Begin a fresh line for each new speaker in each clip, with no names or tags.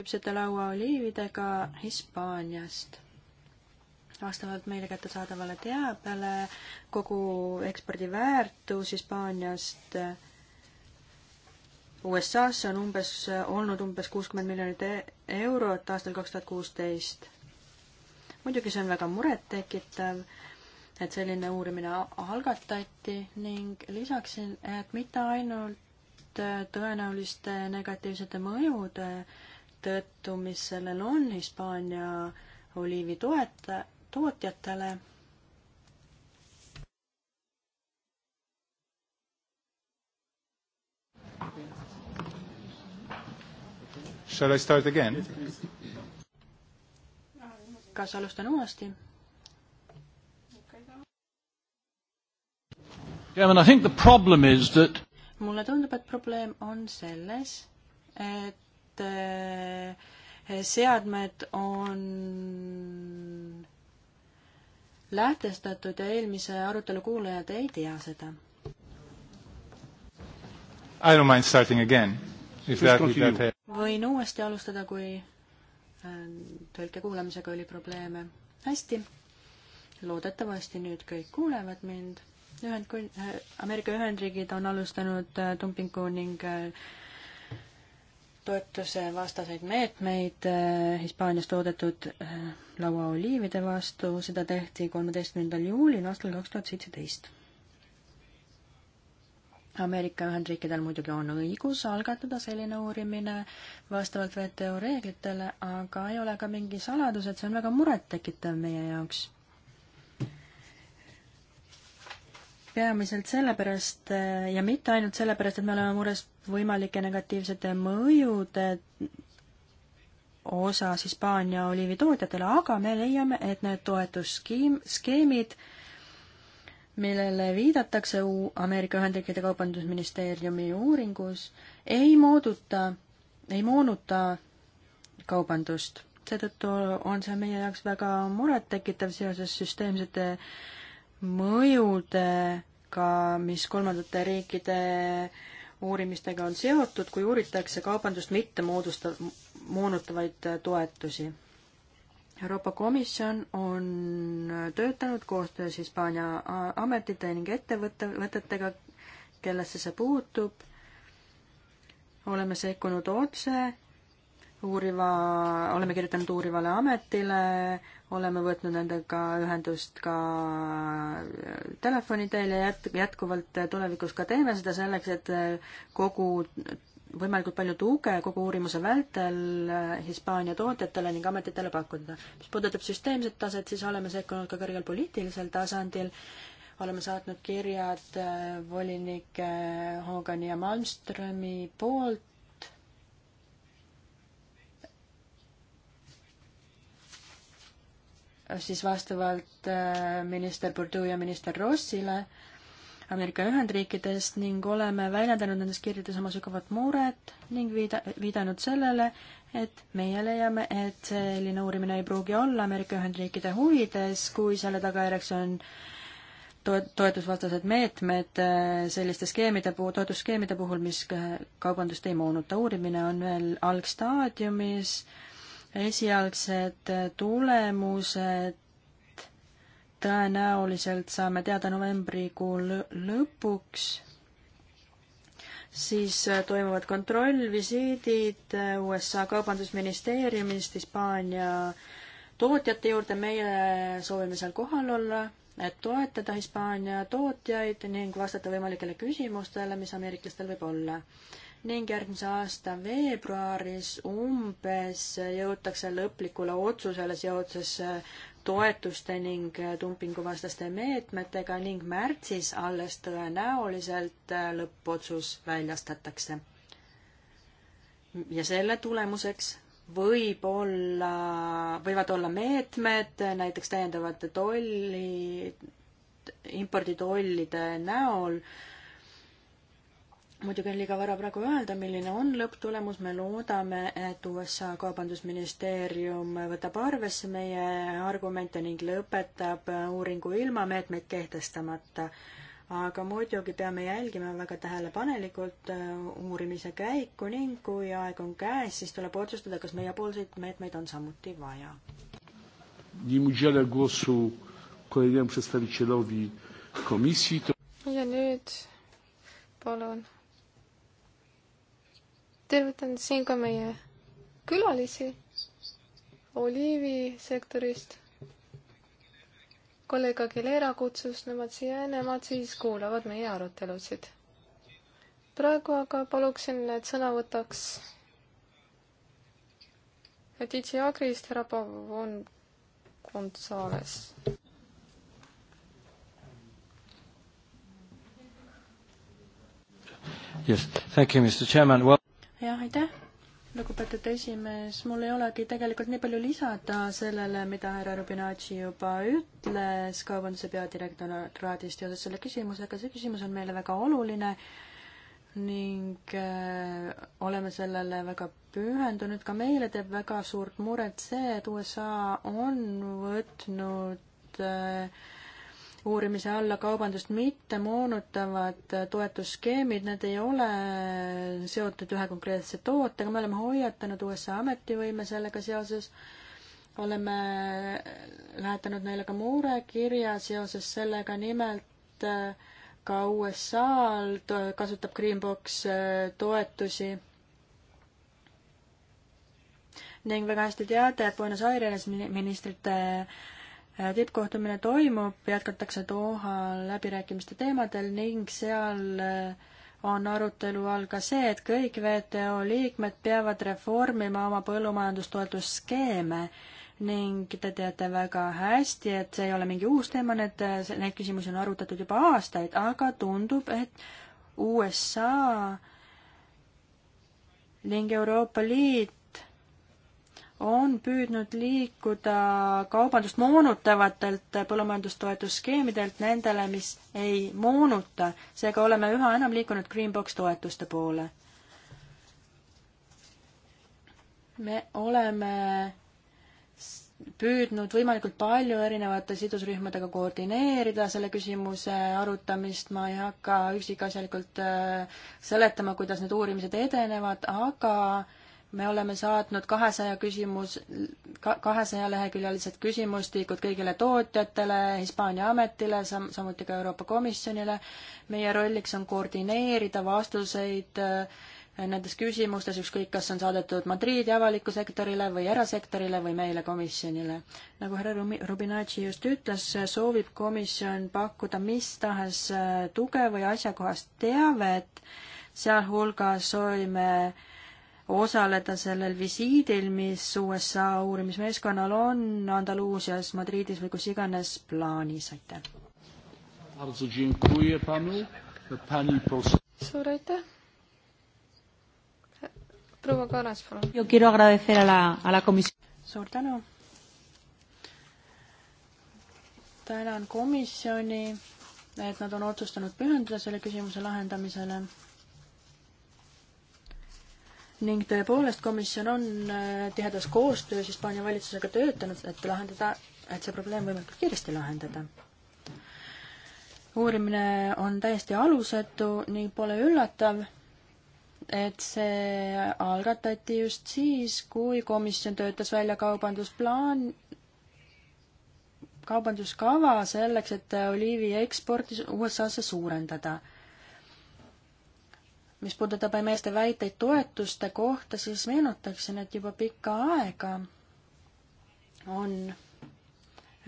küpsetelauaoliividega Hispaaniast. vastavalt meile kättesaadavale teabele kogu ekspordi väärtus Hispaaniast äh, USA-sse on umbes, olnud umbes kuuskümmend miljonit e-, eurot aastal kaks tuhat kuusteist. muidugi see on väga murettekitav, et selline uurimine algatati ning lisaksin, et mitte ainult äh, tõenäoliste negatiivsete mõjude tõttu, mis sellel on Hispaania oliivi toeta-, tootjatele
Shall I start again?
kas alustan uuesti?
Yeah, I think the problem is that
mulle tundub, et probleem on selles, et Eh, seadmed on lähtestatud ja eelmise arutelu kuulajad ei tea seda.
I don't mind starting again. If that, if that...
võin uuesti alustada, kui äh, tõlke kuulamisega oli probleeme. hästi, loodetavasti nüüd kõik kuulevad mind Ühendkun-, äh, Ameerika Ühendriigid on alustanud äh, dumpingu ning toetuse vastaseid meetmeid eh, Hispaanias toodetud eh, lauaoliivide vastu, seda tehti kolmeteistkümnendal juulil aastal kaks tuhat seitseteist. Ameerika Ühendriikidel muidugi on õigus algatada selline uurimine vastavalt WTO reeglitele, aga ei ole ka mingi saladus, et see on väga murettekitav meie jaoks peamiselt sellepärast eh, ja mitte ainult sellepärast, et me oleme mures võimalike negatiivsete mõjude osas Hispaania oliivitootjatele, aga me leiame, et need toetusskeem, skeemid, millele viidatakse Ameerika Ühendriikide Kaubandusministeeriumi uuringus, ei mooduta, ei moonuta kaubandust. seetõttu on see meie jaoks väga murettekitav seoses süsteemsete mõjudega, mis kolmandate riikide uurimistega on seotud, kui uuritakse kaubandust mitte moodusta-, moonutavaid toetusi. Euroopa Komisjon on töötanud koostöös Hispaania ametite ning ettevõtetega, kellesse see puutub. oleme sekkunud otse uuriva, oleme kirjutanud uurivale ametile, oleme võtnud nendega ühendust ka äh, telefoni teel ja jät-, jätkuvalt äh, tulevikus ka teeme seda selleks, et äh, kogu võimalikult palju tuge kogu uurimuse vältel Hispaania tootjatele ning ametitele pakkuda. mis puudutab süsteemset taset, siis oleme sekkunud ka kõrgel poliitilisel tasandil, oleme saatnud kirjad volinike Hogani ja Malmströmi poolt, siis vastavalt äh, minister Bordeaux ja minister Rossile Ameerika Ühendriikidest ning oleme väljendanud nendes kirjades oma sügavat muret ning viida-, viidanud sellele, et meie leiame, et selline uurimine ei pruugi olla Ameerika Ühendriikide huvides, kui selle tagajärjeks on to-, toetusvastased meetmed äh, selliste skeemide puhul, toetusskeemide puhul, mis kaubandust ei moonuta. uurimine on veel algstaadiumis äh,, esialgsed tulemused tõenäoliselt saame teada novembrikuu lõpuks, siis äh, toimuvad kontrollvisiidid äh, USA Kaubandusministeeriumist Hispaania tootjate juurde, meie soovime seal kohal olla, et toetada Hispaania tootjaid ning vastata võimalikele küsimustele, mis ameeriklastel võib olla ning järgmise aasta veebruaris umbes jõutakse lõplikule otsusele seoses äh, toetuste ning äh, dumpinguvastaste meetmetega ning märtsis alles tõenäoliselt äh, lõppotsus väljastatakse. ja selle tulemuseks võib olla, võivad olla meetmed näiteks täiendavate tolli, imporditollide näol muidugi on liiga vara praegu öelda, milline on lõpptulemus, me loodame, et USA kaubandusministeerium võtab arvesse meie argumente ning lõpetab uuringu ilma meetmeid kehtestamata. aga muidugi peame jälgima väga tähelepanelikult äh, uurimise käiku ning kui aeg on käes, siis tuleb otsustada, kas meiepoolseid meetmeid on samuti vaja. Nim udzielę głosu
kolejnemu przedstawicielowi komisji, to...
ja nüüd
palun tervitan siin ka meie külalisi oliivisektorist. kolleeg Aguilera kutsus nemad siia ja nemad siis kuulavad meie arutelusid. praegu aga paluksin, et sõna võtaks DJ Agrist härra Pavon Gonzales.
Yes, thank you, Mr Chairman well
jah, aitäh, lugupeetud esimees, mul ei olegi tegelikult nii palju lisada sellele, mida härra Rubinacci juba ütles kaubanduse peadirektoraadist seoses selle küsimusega, see küsimus on meile väga oluline ning äh, oleme sellele väga pühendunud, ka meile teeb väga suurt muret see, et USA on võtnud äh, uurimise alla, kaubandust mitte moonutavad toetusskeemid, need ei ole seotud ühe konkreetse tootega, me oleme hoiatanud USA ametivõime sellega seoses, oleme lähetanud neile ka murekirja seoses sellega, nimelt äh, ka USA-l kasutab Greenbox äh, toetusi ning väga hästi teate, et Buenos Aires ministrite tippkohtumine toimub, jätkatakse Doha läbirääkimiste teemadel ning seal eh, on arutelu all ka see, et kõik WTO liikmed peavad reformima oma põllumajandustoetusskeeme ning te teate väga hästi, et see ei ole mingi uus teema, need, neid küsimusi on arutatud juba aastaid, aga tundub, et USA ning Euroopa Liit on püüdnud liikuda kaubandust moonutavatelt põllumajandustoetusskeemidelt nendele, mis ei moonuta, seega oleme üha enam liikunud Greenbox toetuste poole. me oleme püüdnud võimalikult palju erinevate sidusrühmadega koordineerida selle küsimuse arutamist, ma ei hakka üksikasjalikult äh, seletama, kuidas need uurimised edenevad, aga me oleme saatnud kahesaja küsimus, kahesaja leheküljelised küsimustikud kõigile tootjatele, Hispaania ametile, sam-, samuti ka Euroopa Komisjonile. meie rolliks on koordineerida vastuseid äh, nendes küsimustes, ükskõik kas on saadetud Madriidi avaliku sektorile või erasektorile või meile komisjonile. nagu härra Rubinacci just ütles, soovib komisjon pakkuda mis tahes äh, tuge või asjakohast teavet, sealhulgas soovime äh, osaleda sellel visiidil, mis USA uurimismeeskonnal on Andaluusias, Madridis või kus iganes plaanis, aitäh! suur aitäh! proua Kallas, palun! suur tänu! tänan komisjoni, et nad on otsustanud pühenduda selle küsimuse lahendamisele ning tõepoolest, komisjon on äh, tihedas koostöös Hispaania valitsusega töötanud, et lahendada, et see probleem võimalikult kiiresti lahendada. uurimine on täiesti alusetu ning pole üllatav, et see algatati just siis, kui komisjon töötas välja kaubandusplaan, kaubanduskava selleks, et oliivi eksporti USA-sse suurendada mis puudutab meeste väiteid toetuste kohta, siis meenutaksin, et juba pikka aega on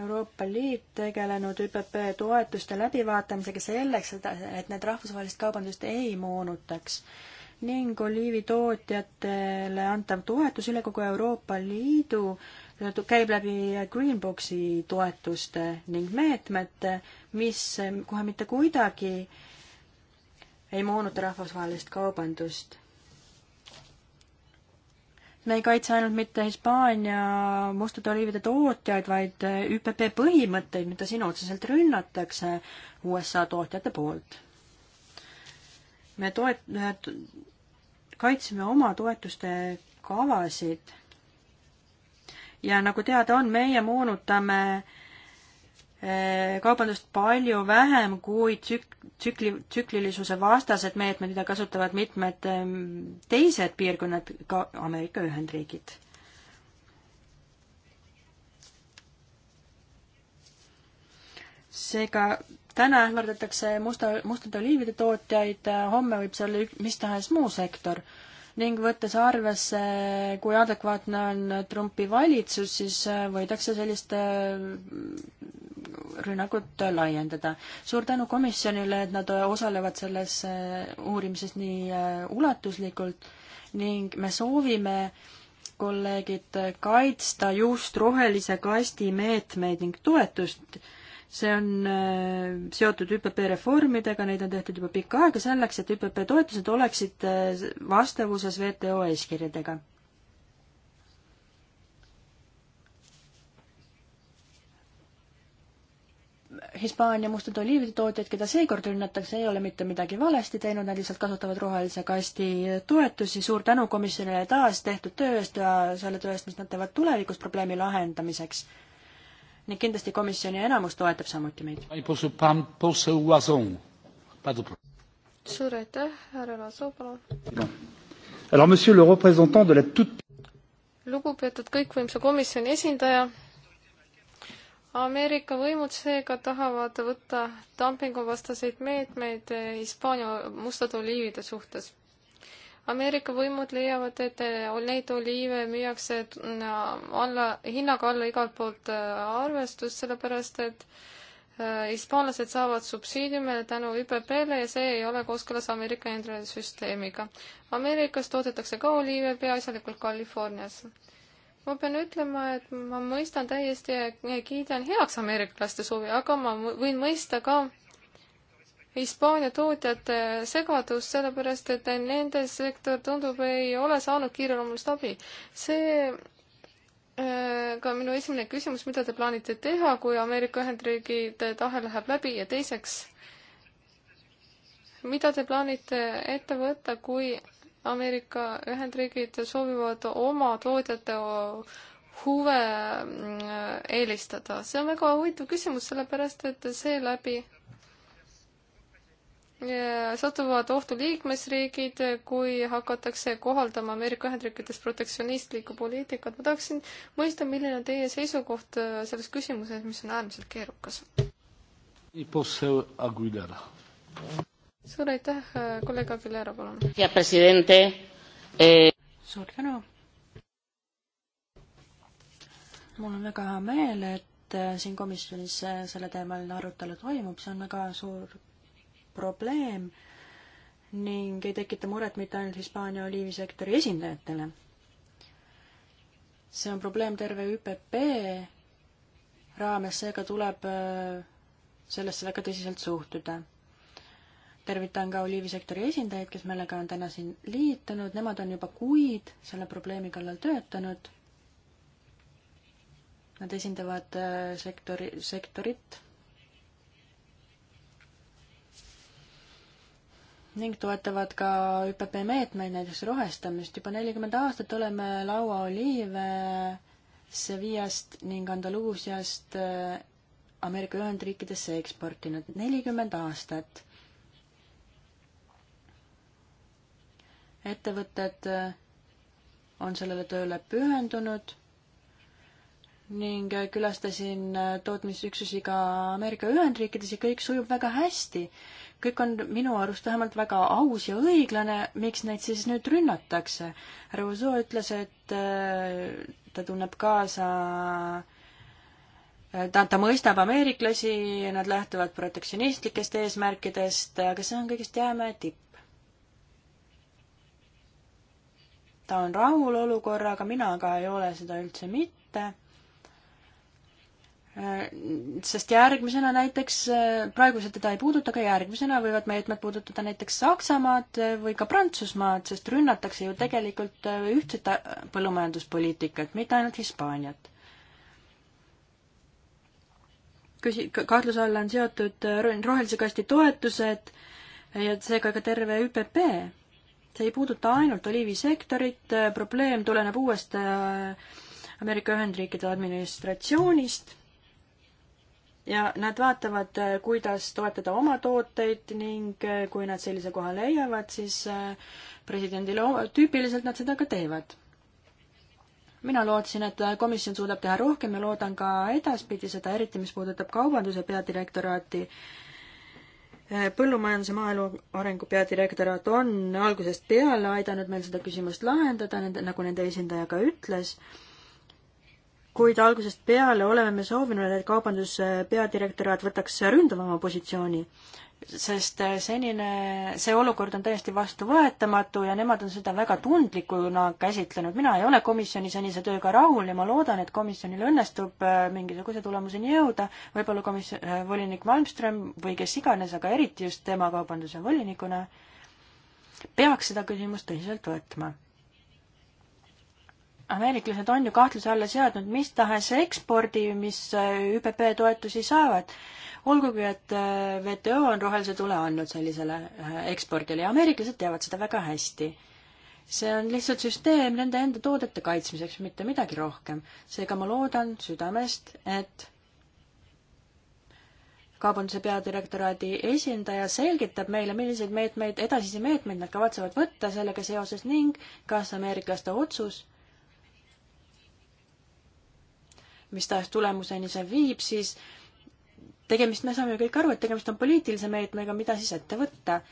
Euroopa Liit tegelenud ÜPP toetuste läbivaatamisega selleks, et, et need rahvusvahelist kaubandust ei moonutaks ning oliivitootjatele antav toetus üle kogu Euroopa Liidu käib läbi Greenboxi toetuste ning meetmete, mis kohe mitte kuidagi äh, ei moonuta rahvusvahelist kaubandust. me ei kaitse ainult mitte Hispaania mustade oliivide tootjaid, vaid ÜPP põhimõtteid, mida siin otseselt rünnatakse USA tootjate poolt. me toet-, kaitseme oma toetuste kavasid ja nagu teada on, meie moonutame äh, Äh, kaubandust palju vähem kui tsük-, tsükli, tsüklilisuse vastased meetmed, mida kasutavad mitmed ähm, teised piirkonnad, ka Ameerika Ühendriigid. seega täna ähvardatakse musta, mustade oliivide tootjaid, äh, homme võib see olla mis tahes muu sektor ning võttes arvesse, äh, kui adekvaatne on Trumpi valitsus, siis võidakse selliste rünnakut laiendada. suur tänu komisjonile, et nad osalevad selles äh, uurimises nii äh, ulatuslikult ning me soovime kolleegid, kaitsta just rohelise kasti meetmeid ning toetust. see on äh, seotud ÜPP reformidega, neid on tehtud juba pikka aega selleks, et ÜPP toetused oleksid vastavuses WTO eeskirjadega Hispaania mustade oliivide tootjad, keda seekord rünnatakse, ei ole mitte midagi valesti teinud, nad lihtsalt kasutavad rohelise kasti toetusi. suur tänu komisjonile taas tehtud töö eest ja selle töö eest, mis nad teevad tulevikus probleemi lahendamiseks. ning kindlasti komisjoni enamus toetab samuti meid. suur
aitäh, härra Lazo, palun. lugupeetud kõikvõimsa komisjoni esindaja Ameerika võimud seega tahavad võtta dumpinguvastaseid meetmeid eh, Hispaania mustade oliivide suhtes. Ameerika võimud leiavad, et eh, neid oliive müüakse mm, alla, hinnaga alla igalt poolt eh, arvestust, sellepärast et hispaanlased saavad subsiidiume tänu ÜPP-le ja see ei ole kooskõlas Ameerika endale süsteemiga. Ameerikas toodetakse ka oliive peaasjalikult Californias ma pean ütlema, et ma mõistan täiesti ja kiidan heaks ameeriklaste suvi, aga ma võin mõista ka Hispaania tootjate segadust, sellepärast et nende sektor tundub, ei ole saanud kiireloomulist abi. see äh, ka minu esimene küsimus, mida te plaanite teha, kui Ameerika Ühendriigide tahe läheb läbi ja teiseks, mida te plaanite ette võtta, kui Ameerika Ühendriigid soovivad oma toodete huve mm, eelistada. see on väga huvitav küsimus, sellepärast et seeläbi satuvad ohtu liikmesriigid, kui hakatakse kohaldama Ameerika Ühendriikides protektsionistlikku poliitikat. ma tahaksin mõista, milline on teie seisukoht äh, selles küsimuses, mis on äärmiselt keerukas suur aitäh, kolleeg Aguilera,
palun. hea
president eh....
suur
tänu. mul on väga hea meel, et eh, siin komisjonis eh, selleteemaline arutelu toimub, see on väga suur probleem ning ei tekita muret mitte ainult Hispaania oliivisektori esindajatele. see on probleem terve ÜPP raames, seega tuleb eh, sellesse väga tõsiselt suhtuda tervitan ka oliivisektori esindajaid, kes meiega on täna siin liitunud, nemad on juba kuid selle probleemi kallal töötanud. Nad esindavad äh, sektori, sektorit ning toetavad ka ÜPP meetmeid, näiteks rohestamist. juba nelikümmend aastat oleme lauaoliive Sevillast ning Andaluusiast äh, Ameerika Ühendriikidesse eksportinud. nelikümmend aastat ettevõtted äh, on sellele tööle pühendunud ning äh, külastasin äh, tootmisüksusi ka Ameerika Ühendriikides ja kõik sujub väga hästi. kõik on minu arust vähemalt väga aus ja õiglane, miks neid siis nüüd rünnatakse? härra Uzo ütles, et ta tunneb kaasa ta, ta mõistab ameeriklasi, nad lähtuvad protektsionistlikest eesmärkidest, aga see on kõigest jäämäe tipp ta on rahul olukorraga, mina aga ei ole seda üldse mitte. sest järgmisena näiteks, praegusel teda ei puuduta, aga järgmisena võivad meetmed puudutada näiteks Saksamaad või ka Prantsusmaad, sest rünnatakse ju tegelikult ühtset põllumajanduspoliitikat, mitte ainult Hispaaniat. küsi-, kahtluse alla on seotud rohelise kasti toetused ja seega ka terve ÜPP see ei puuduta ainult oliivisektorit, äh, probleem tuleneb uuest äh, Ameerika Ühendriikide administratsioonist ja nad vaatavad, äh, kuidas toetada oma tooteid ning kui nad sellise koha leiavad, siis presidendile tüüpiliselt nad seda ka teevad. mina lootsin, et komisjon suudab teha rohkem ja loodan ka edaspidi seda, eriti mis puudutab kaubanduse peadirektoraati äh, Äh, põllumajanduse maaelu arengu peadirektorat on algusest peale aidanud meil seda küsimust lahendada, nende, nagu nende esindaja ka ütles, kuid algusest peale oleme me soovinud, et kaubanduse peadirektoraat võtaks ründavama positsiooni sest äh, senine, see olukord on täiesti vastuvõetamatu ja nemad on seda väga tundlikuna käsitlenud. mina ei ole komisjoni senise tööga rahul ja ma loodan, et komisjonil õnnestub äh, mingisuguse tulemuseni jõuda, võib-olla komis-, äh, volinik Malmström või kes iganes, aga eriti just tema kaubanduse volinikuna, peaks seda küsimust tõsiselt võtma. ameeriklased on ju kahtluse alla seadnud mis tahes ekspordi, mis ÜPP toetusi saavad olgugi, et äh, WTO on rohelise tule andnud sellisele äh, ekspordile ja ameeriklased teavad seda väga hästi. see on lihtsalt süsteem nende enda toodete kaitsmiseks, mitte midagi rohkem. seega ma loodan südamest, et kaubanduse peadirektoraadi esindaja selgitab meile, milliseid meetmeid, edasisi meetmeid nad kavatsevad võtta sellega seoses ning kas ameeriklaste otsus, mis tahes tulemuseni see viib, siis tegemist, me saame ju kõik aru, et tegemist on poliitilise meetmega, mida siis ette võtta.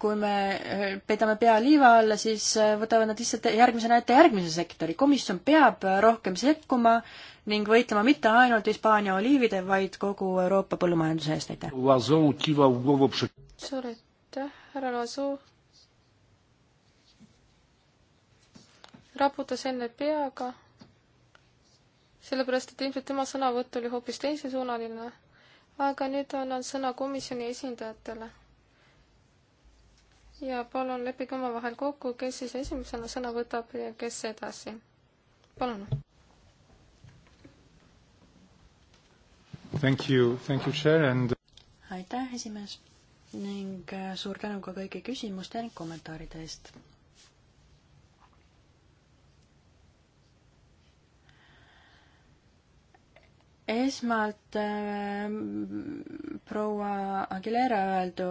kui me eh, peidame pea liiva alla, siis eh, võtavad nad lihtsalt järgmisena ette järgmise sektori. komisjon peab rohkem sekkuma ning võitlema mitte ainult Hispaania oliivide, vaid kogu Euroopa põllumajanduse eest, aitäh!
suur aitäh, härra Lasu! raputas enne peaga sellepärast et ilmselt tema sõnavõtt oli hoopis teisesuunaline. aga nüüd annan sõna komisjoni esindajatele. ja palun leppige omavahel kokku, kes siis esimesena sõna võtab ja kes edasi. palun. Thank you, thank you, Chair and
aitäh, esimees ning äh, suur tänu ka kõigi küsimuste ning kommentaaride eest esmalt äh, proua Aguilera öeldu,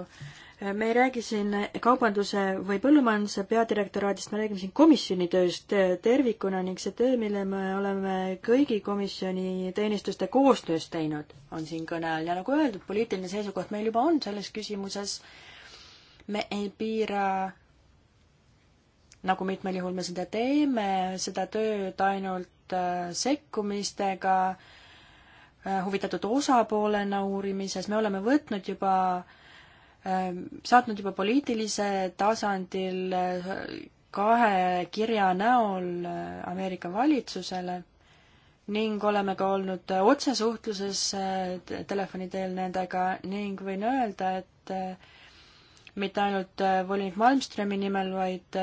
äh, me ei räägi siin kaubanduse või põllumajanduse peadirektoraadist, me räägime siin komisjoni tööst tervikuna ning see töö, mille me oleme kõigi komisjoni teenistuste koostöös teinud, on siin kõne all ja nagu öeldud, poliitiline seisukoht meil juba on selles küsimuses. me ei piira nagu mitmel juhul me seda teeme, seda tööd ainult äh, sekkumistega äh, Äh, huvitatud osapoolena uurimises, me oleme võtnud juba, ähm, saatnud juba poliitilise tasandil äh, kahe kirja näol äh, Ameerika valitsusele ning oleme ka olnud otsesuhtluses telefoni teel nendega ning võin öelda, et mitte ainult volinik Malmströmi nimel, vaid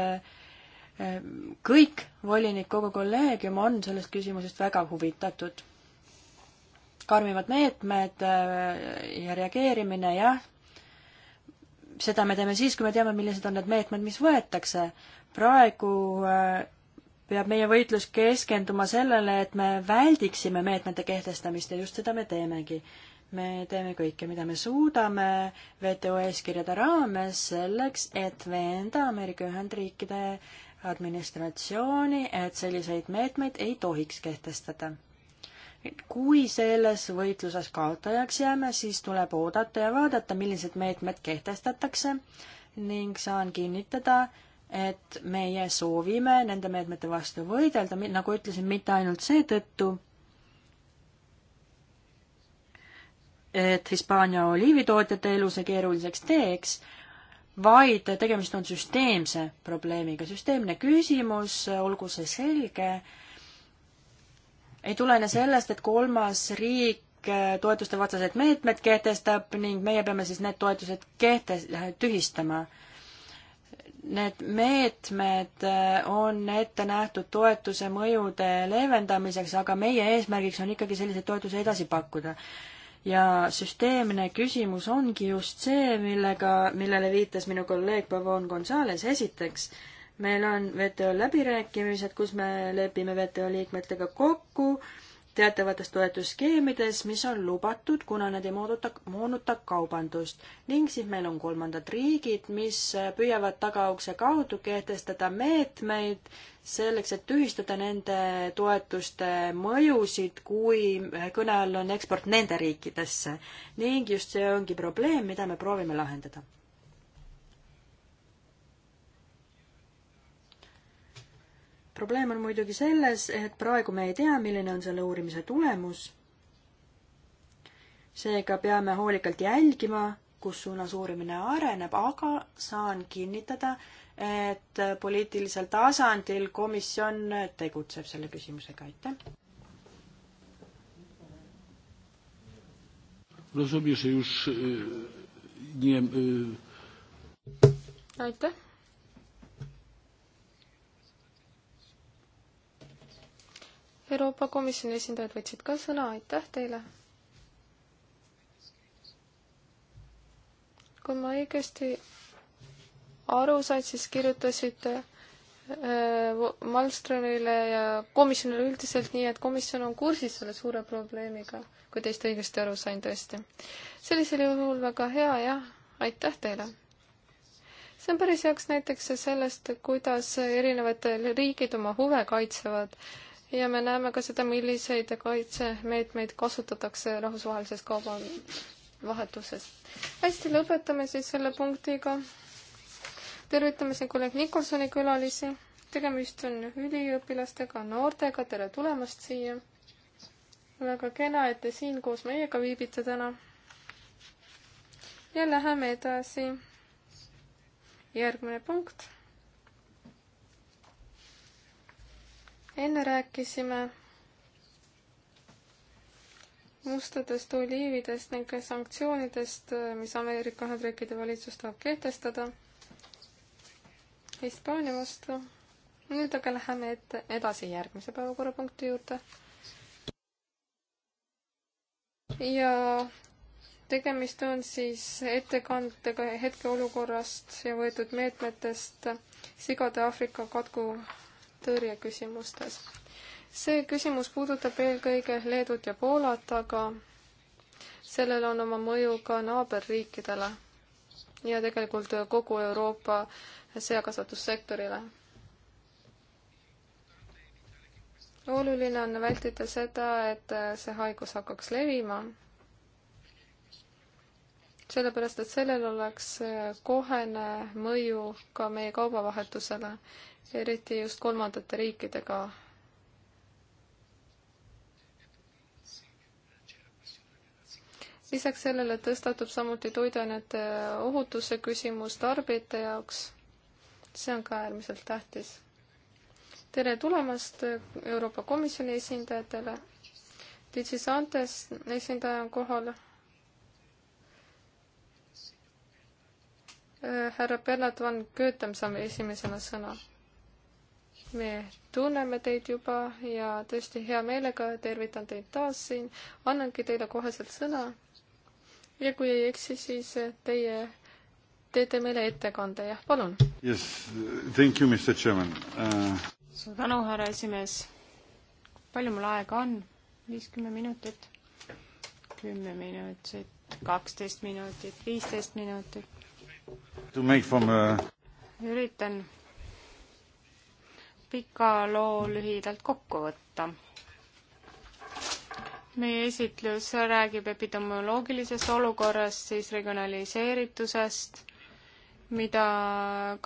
kõik volinik, kogu kolleegium on sellest küsimusest väga huvitatud karmimad meetmed äh, ja reageerimine, jah, seda me teeme siis, kui me teame, millised on need meetmed, mis võetakse. praegu äh, peab meie võitlus keskenduma sellele, et me väldiksime meetmete kehtestamist ja just seda me teemegi. me teeme kõike, mida me suudame WTO eeskirjade raames selleks, et veenda Ameerika Ühendriikide administratsiooni, et selliseid meetmeid ei tohiks kehtestada kui selles võitluses kaotajaks jääme, siis tuleb oodata ja vaadata, millised meetmed kehtestatakse ning saan kinnitada, et meie soovime nende meetmete vastu võidelda, nagu ütlesin, mitte ainult seetõttu, et Hispaania oliivitootjate elu see keeruliseks teeks, vaid tegemist on süsteemse probleemiga, süsteemne küsimus, olgu see selge, ei tulene sellest, et kolmas riik äh, toetuste vastased meetmed kehtestab ning meie peame siis need toetused kehtes-, äh, tühistama. Need meetmed äh, on ette nähtud toetuse mõjude leevendamiseks, aga meie eesmärgiks on ikkagi selliseid toetusi edasi pakkuda. ja süsteemne küsimus ongi just see, millega, millele viitas minu kolleeg Pavon Gonzales, esiteks äh, meil on WTO läbirääkimised, kus me lepime WTO liikmetega kokku teatavates toetusskeemides, mis on lubatud, kuna need ei mooduta, moonuta kaubandust. ning siis meil on kolmandad riigid, mis püüavad tagaukse kaudu kehtestada meetmeid selleks, et tühistada nende toetuste mõjusid, kui kõne all on eksport nende riikidesse. ning just see ongi probleem, mida me proovime lahendada probleem on muidugi selles, et praegu me ei tea, milline on selle uurimise tulemus. seega peame hoolikalt jälgima, kus suunas uurimine areneb, aga saan kinnitada, et poliitilisel tasandil komisjon tegutseb selle küsimusega, aitäh.
aitäh Euroopa Komisjoni esindajad võtsid ka sõna, aitäh teile! kui ma õigesti aru sain, siis kirjutasite äh, Malmströmile ja komisjonile üldiselt nii, et komisjon on kursis selle suure probleemiga, kui teist õigesti aru sain tõesti. sellisel juhul väga hea, jah, aitäh teile! see on päris heaks näiteks sellest, kuidas erinevad riigid oma huve kaitsevad ja me näeme ka seda, milliseid kaitsemeetmeid kasutatakse rahvusvahelises kaubavahetuses. hästi, lõpetame siis selle punktiga. tervitame siin kolleeg Nikolsoni külalisi. tegemist on üliõpilastega, noortega, tere tulemast siia. väga kena, et te siin koos meiega viibite täna. ja läheme edasi. järgmine punkt enne rääkisime mustadest oliividest ning sanktsioonidest, mis Ameerika Ühendriikide valitsus tahab kehtestada Hispaania vastu. nüüd aga läheme ette, edasi järgmise päevakorrapunkti juurde. ja tegemist on siis ettekandega hetkeolukorrast ja võetud meetmetest sigade Aafrika katku tõrjeküsimustes. see küsimus puudutab eelkõige Leedut ja Poolat, aga sellel on oma mõju ka naaberriikidele ja tegelikult kogu Euroopa seakasvatussektorile. oluline on vältida seda, et see haigus hakkaks levima, sellepärast et sellel oleks kohene mõju ka meie kaubavahetusele eriti just kolmandate riikidega lisaks sellele tõstatub samuti toiduainete ohutuse küsimus tarbijate jaoks. see on ka äärmiselt tähtis. tere tulemast Euroopa Komisjoni esindajatele. Digisantes esindaja on kohal. Äh, härra Bernard van Goethem saab esimesena sõna me tunneme teid juba ja tõesti hea meelega tervitan teid taas siin. annangi teile koheselt sõna. ja kui ei eksi, siis teie teete meile ettekande, jah, palun.
Yes, thank you, Mr Chairman uh....
suur tänu, härra esimees. palju mul aega
on? viiskümmend minutit? kümme minutit, kaksteist minutit, viisteist minutit.
To make from a
üritan pika loo lühidalt kokku võtta. meie esitlus räägib epidemioloogilisest olukorrast, siis regionaliseeritusest, mida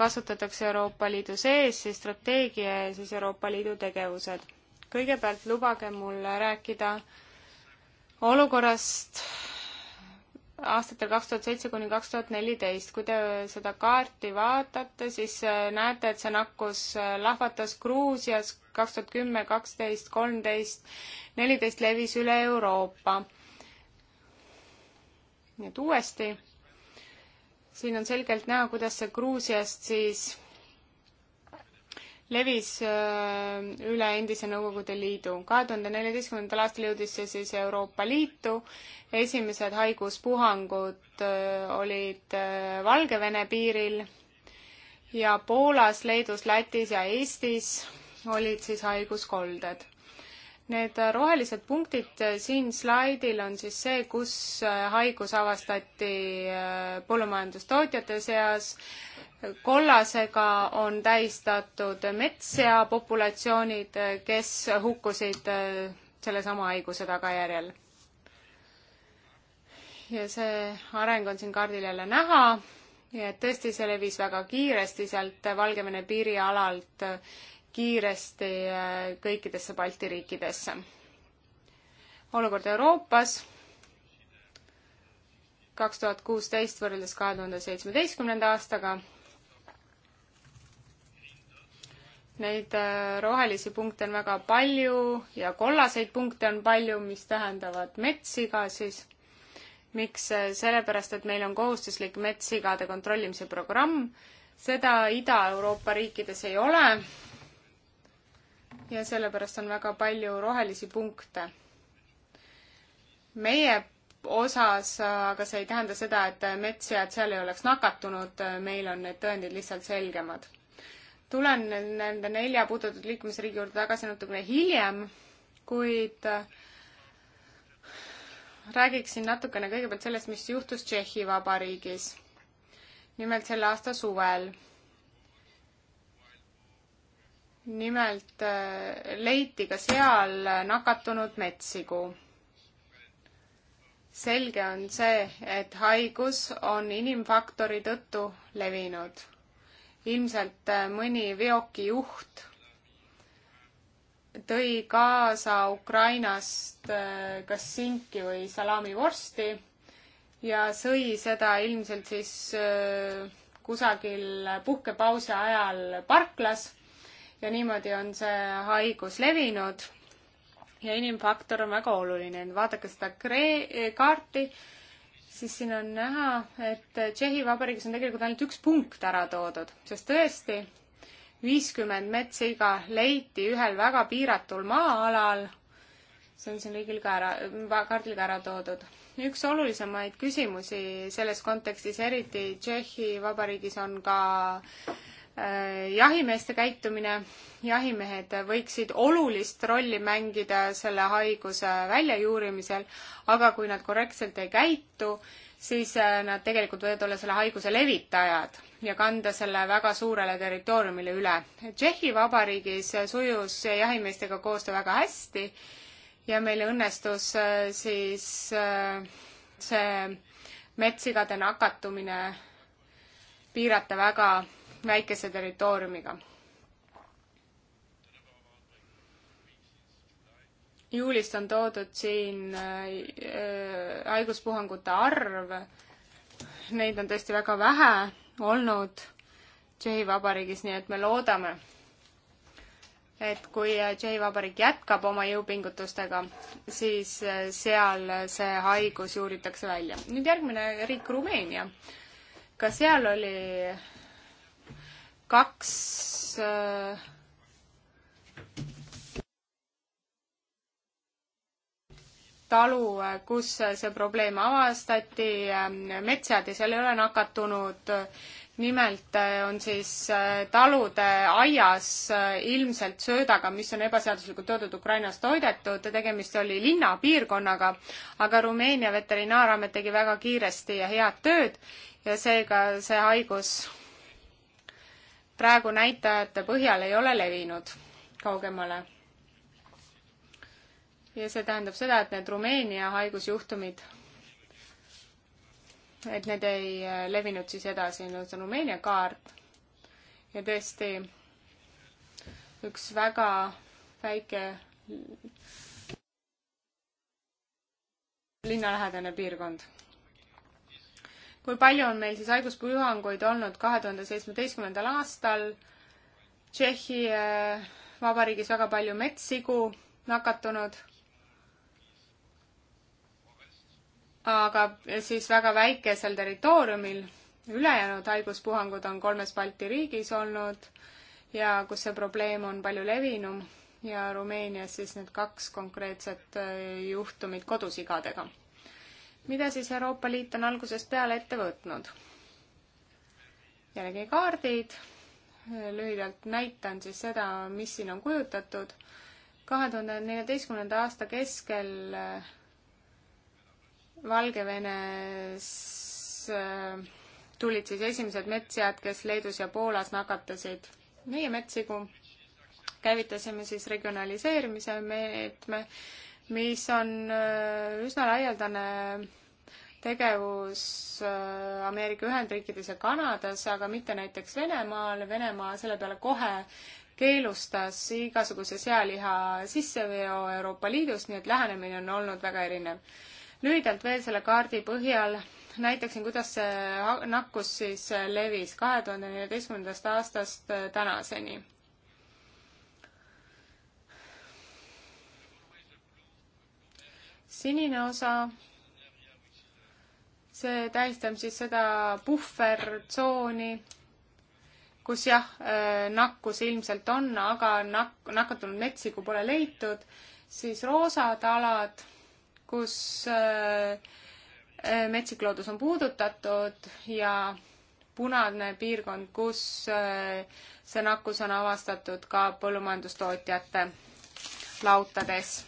kasutatakse Euroopa Liidu sees, siis strateegia ja siis Euroopa Liidu tegevused. kõigepealt lubage mul rääkida olukorrast aastatel kaks tuhat seitse kuni kaks tuhat neliteist. kui te seda kaarti vaatate, siis äh, näete, et see nakkus äh, lahvatas Gruusias kaks tuhat kümme, kaksteist, kolmteist, neliteist levis üle Euroopa. nii et uuesti, siin on selgelt näha, kuidas see Gruusiast siis levis äh, üle endise Nõukogude Liidu. kahe tuhande neljateistkümnendal aastal jõudis see siis Euroopa Liitu, esimesed haiguspuhangud äh, olid äh, Valgevene piiril ja Poolas, Leedus, Lätis ja Eestis olid siis haiguskolded. Need rohelised punktid siin slaidil on siis see, kus haigus avastati põllumajandustootjate seas, kollasega on tähistatud metsseapopulatsioonid, kes hukkusid äh, sellesama haiguse tagajärjel. ja see areng on siin kaardil jälle näha nii et tõesti, see levis väga kiiresti sealt Valgevene piirialalt äh, kiiresti äh, kõikidesse Balti riikidesse. olukord Euroopas kaks tuhat kuusteist võrreldes kahe tuhande seitsmeteistkümnenda aastaga Neid äh, rohelisi punkte on väga palju ja kollaseid punkte on palju, mis tähendavad metssiga siis. miks? sellepärast, et meil on kohustuslik metssigade kontrollimise programm. seda Ida-Euroopa riikides ei ole. ja sellepärast on väga palju rohelisi punkte. meie osas, aga see ei tähenda seda, et metsjad seal ei oleks nakatunud, meil on need tõendid lihtsalt selgemad tulen nende nelja puudutatud liikumisriigi juurde tagasi natukene hiljem, kuid äh, räägiksin natukene kõigepealt sellest, mis juhtus Tšehhi Vabariigis. nimelt selle aasta suvel. nimelt äh, leiti ka seal nakatunud metssigu. selge on see, et haigus on inimfaktori tõttu levinud ilmselt äh, mõni veokijuht tõi kaasa Ukrainast äh, kas sinki või salaamivorsti ja sõi seda ilmselt siis äh, kusagil puhkepausi ajal parklas ja niimoodi on see haigus levinud. ja inimfaktor on väga oluline, vaadake seda kaarti siis siin on näha, et Tšehhi Vabariigis on tegelikult ainult üks punkt ära toodud, sest tõesti, viiskümmend metssiga leiti ühel väga piiratul maa-alal, see on siin riigil ka ära, kaardil ka ära toodud. üks olulisemaid küsimusi selles kontekstis, eriti Tšehhi Vabariigis, on ka äh, Äh, jahimeeste käitumine. jahimehed võiksid olulist rolli mängida selle haiguse väljajuurimisel, aga kui nad korrektselt ei käitu, siis äh, nad tegelikult võivad olla selle haiguse levitajad ja kanda selle väga suurele territooriumile üle. Tšehhi Vabariigis sujus jahimeestega koostöö väga hästi ja meil õnnestus äh, siis see metssigade nakatumine piirata väga väikese territooriumiga. juulist on toodud siin äh, haiguspuhangute arv, neid on tõesti väga vähe olnud Tšehhi Vabariigis, nii et me loodame, et kui Tšehhi Vabariik jätkab oma jõupingutustega, siis äh, seal see haigus juuritakse välja. nüüd järgmine riik, Rumeenia. ka seal oli kaks äh, talu, kus see probleem avastati, äh, metsad ja seal ei ole nakatunud. nimelt äh, on siis talude aias ilmselt söödaga, mis on ebaseaduslikult toodud Ukrainas toidetud, tegemist oli linnapiirkonnaga, aga Rumeenia veterinaaramet tegi väga kiiresti ja head tööd ja seega see haigus praegu näitajate põhjal ei ole levinud kaugemale. ja see tähendab seda, et need Rumeenia haigusjuhtumid, et need ei äh, levinud siis edasi, nüüd see on Rumeenia kaart ja tõesti üks väga väike linnalähedane piirkond kui palju on meil siis haiguspiiranguid olnud kahe tuhande seitsmeteistkümnendal aastal? Tšehhi äh, Vabariigis väga palju metssigu nakatunud. aga siis väga väikesel territooriumil. ülejäänud haiguspuhangud on kolmes Balti riigis olnud ja kus see probleem on palju levinum ja Rumeenias siis need kaks konkreetset äh, juhtumit kodusigadega mida siis Euroopa Liit on algusest peale ette võtnud? jällegi kaardid, lühidalt näitan siis seda, mis siin on kujutatud. kahe tuhande neljateistkümnenda aasta keskel äh, Valgevenes äh, tulid siis esimesed metsjad, kes Leedus ja Poolas nakatasid meie metssigu. käivitasime siis regionaliseerimise meetme me mis on äh, üsna laialdane tegevus äh, Ameerika Ühendriikides ja Kanadas, aga mitte näiteks Venemaal. Venemaa selle peale kohe keelustas igasuguse sealiha sisseveo Euroopa Liidus, nii et lähenemine on olnud väga erinev. lühidalt veel selle kaardi põhjal näitaksin, kuidas see nakkus siis äh, levis kahe tuhande neljateistkümnendast aastast tänaseni sinine osa, see tähistab siis seda puhvertsooni, kus jah, äh, nakkus ilmselt on, aga nak-, nakatunud metsiku pole leitud, siis roosad alad, kus äh, äh, metsik loodus on puudutatud ja punane piirkond, kus see nakkus on avastatud ka põllumajandustootjate lautades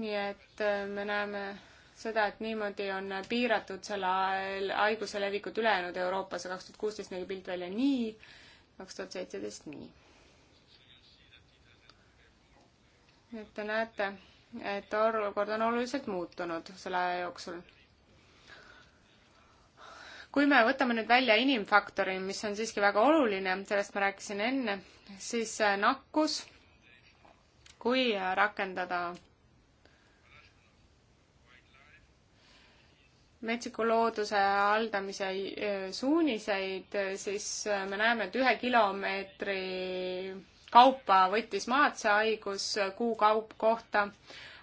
nii et äh, me näeme seda, et niimoodi on piiratud selle haiguse levikut ülejäänud Euroopas ja kaks tuhat kuusteist nägi pilt välja nii, kaks tuhat seitseteist nii. et te näete, et olukord on oluliselt muutunud selle aja jooksul. kui me võtame nüüd välja inimfaktori, mis on siiski väga oluline, sellest ma rääkisin enne, siis äh, nakkus, kui rakendada metsiku looduse haldamise äh, suuniseid, äh, siis äh, me näeme, et ühe kilomeetri kaupa võttis maad see haigus kuu kaup kohta.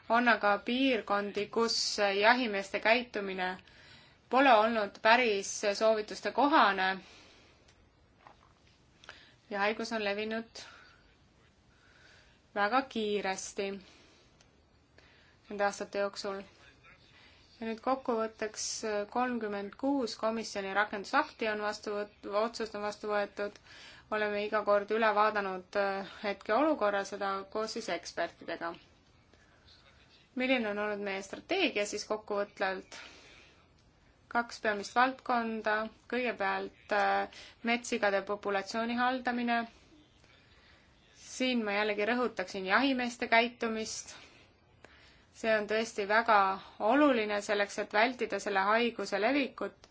on aga piirkondi, kus jahimeeste käitumine pole olnud päris soovituste kohane. ja haigus on levinud väga kiiresti nende aastate jooksul ja nüüd kokkuvõtteks äh, kolmkümmend kuus komisjoni rakendusakti on vastu võt-, otsust on vastu võetud, oleme iga kord üle vaadanud äh, hetkeolukorra, seda koos siis ekspertidega. milline on olnud meie strateegia siis kokkuvõtvalt? kaks peamist valdkonda, kõigepealt äh, metssigade populatsiooni haldamine, siin ma jällegi rõhutaksin jahimeeste käitumist see on tõesti väga oluline selleks, et vältida selle haiguse levikut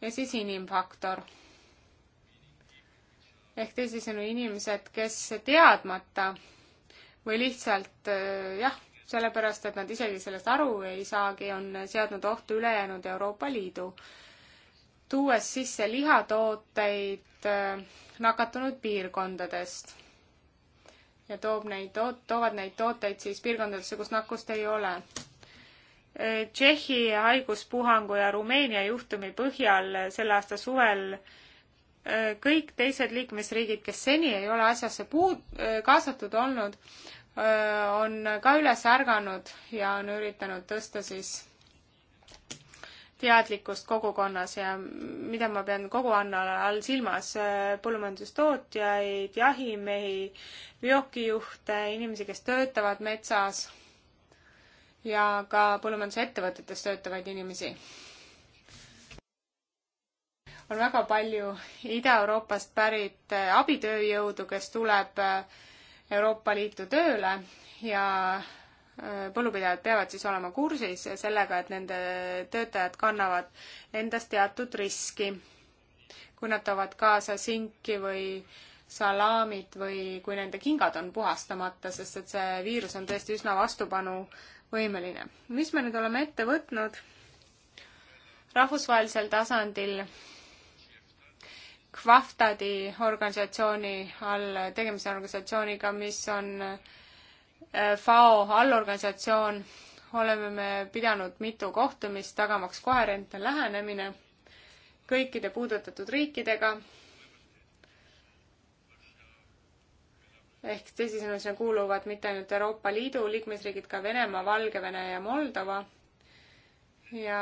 ja siis inimfaktor. ehk teisisõnu inimesed, kes teadmata või lihtsalt äh, jah, sellepärast, et nad isegi sellest aru ei saagi, on seadnud ohtu ülejäänud Euroopa Liidu, tuues sisse lihatooteid äh, nakatunud piirkondadest ja toob neid, toovad neid tooteid siis piirkondadesse, kus nakkust ei ole. Tšehhi haiguspuhangu ja Rumeenia juhtumi põhjal selle aasta suvel äh, kõik teised liikmesriigid, kes seni ei ole asjasse puu-, äh, kaasatud olnud, äh, on ka üles ärganud ja on üritanud tõsta siis teadlikkust kogukonnas ja mida ma pean kogukonnale all silmas, põllumajandustootjaid, jahimehi, veokijuhte, inimesi, kes töötavad metsas ja ka põllumajandusettevõtetes töötavaid inimesi. on väga palju Ida-Euroopast pärit abitööjõudu, kes tuleb Euroopa Liitu tööle ja põllupidajad peavad siis olema kursis sellega, et nende töötajad kannavad endas teatud riski. kui nad toovad kaasa sinki või salaamid või kui nende kingad on puhastamata, sest et see viirus on tõesti üsna vastupanuvõimeline. mis me nüüd oleme ette võtnud? rahvusvahelisel tasandil Kvaftadi organisatsiooni all, tegemist on organisatsiooniga, mis on äh, FAO allorganisatsioon, oleme me pidanud mitu kohtumist, tagamaks koherentne lähenemine kõikide puudutatud riikidega. ehk teisisõnu, sinna kuuluvad mitte ainult Euroopa Liidu liikmesriigid, ka Venemaa, Valgevene ja Moldova. ja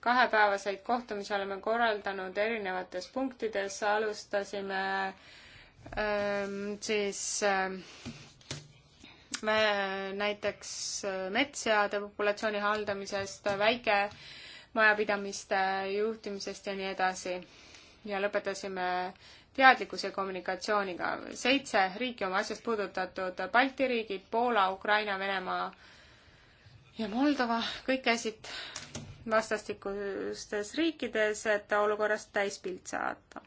kahepäevaseid kohtumisi oleme korraldanud erinevates punktides, alustasime äh, Ehm, siis me ehm, näiteks äh, metsseade populatsiooni haldamisest, äh, väikemajapidamiste juhtimisest ja nii edasi. ja lõpetasime teadlikkuse ja kommunikatsiooniga. seitse riiki on asjast puudutatud, Balti riigid, Poola, Ukraina, Venemaa ja Moldova, kõik käisid vastastikustes riikides, et olukorrast täispilt saada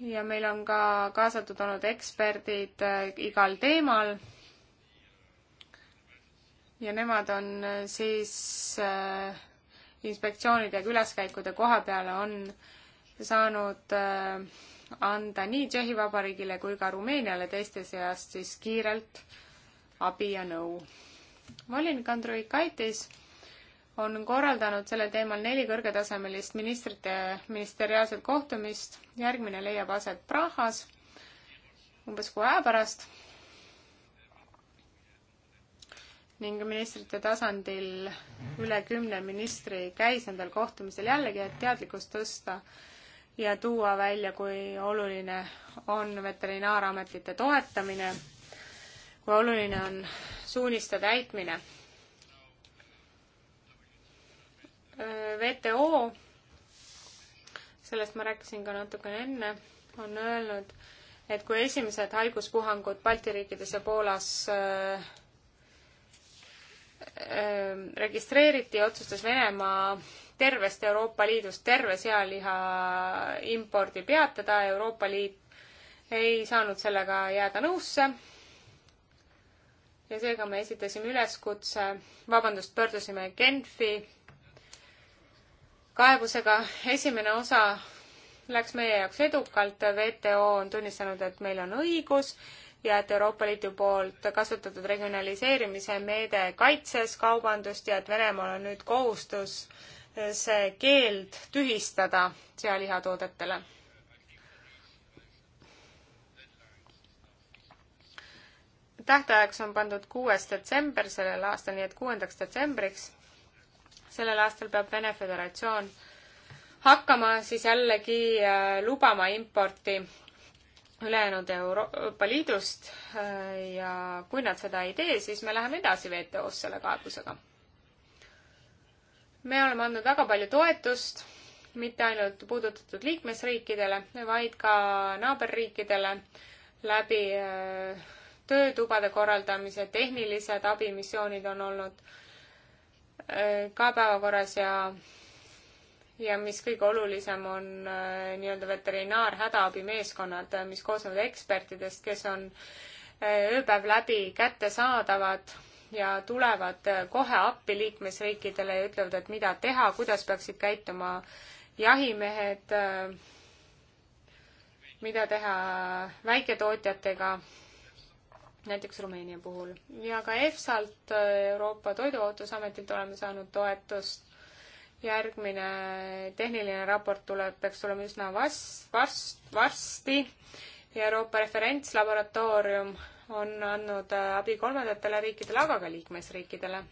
ja meil on ka kaasatud olnud eksperdid äh, igal teemal. ja nemad on äh, siis äh, inspektsioonide ja külaskäikude koha peale on saanud anda nii Tšehhi Vabariigile kui ka Rumeeniale teiste seast siis kiirelt abi ja nõu. ma olin Kandruikaitis on korraldanud sellel teemal neli kõrgetasemelist ministrite ministeriaalset kohtumist. järgmine leiab aset Prahas umbes kuu aja pärast. ning ministrite tasandil üle kümne ministri käis nendel kohtumisel jällegi, et teadlikkust tõsta ja tuua välja, kui oluline on veterinaarametite toetamine, kui oluline on suuniste täitmine WTO, sellest ma rääkisin ka natukene enne, on öelnud, et kui esimesed haiguspuhangud Balti riikides ja Poolas äh, äh, registreeriti, otsustas Venemaa tervest Euroopa Liidust terve sealiha impordi peatada, Euroopa Liit ei saanud sellega jääda nõusse. ja seega me esitasime üleskutse, vabandust, pöördusime Genfi kaebusega. esimene osa läks meie jaoks edukalt, WTO on tunnistanud, et meil on õigus ja et Euroopa Liidu poolt kasutatud regionaliseerimise meede kaitses kaubandust ja et Venemaal on nüüd kohustus see keeld tühistada sealihatoodetele. tähtajaks on pandud kuues detsember sellel aastal, nii et kuuendaks detsembriks sellel aastal peab Vene Föderatsioon hakkama siis jällegi äh, lubama importi ülejäänud Euroopa Liidust äh, ja kui nad seda ei tee, siis me läheme edasi WTO-s selle kaebusega. me oleme andnud väga palju toetust, mitte ainult puudutatud liikmesriikidele, vaid ka naaberriikidele läbi äh, töötubade korraldamise, tehnilised abimissioonid on olnud ka päevakorras ja ja mis kõige olulisem, on äh, nii-öelda veterinaarhädaabimeeskonnad, äh, mis koosnevad ekspertidest, kes on äh, ööpäev läbi kättesaadavad ja tulevad kohe appi liikmesriikidele ja ütlevad, et mida teha, kuidas peaksid käituma jahimehed, mida teha väiketootjatega näiteks Rumeenia puhul. ja ka EFSA-lt, äh, Euroopa Toiduohutusametilt oleme saanud toetust. järgmine tehniline raport tuleb, peaks tulema üsna vas-, vars-, varsti. Euroopa referentslaboratoorium on andnud äh, abi kolmandatele riikidele, aga ka liikmesriikidele.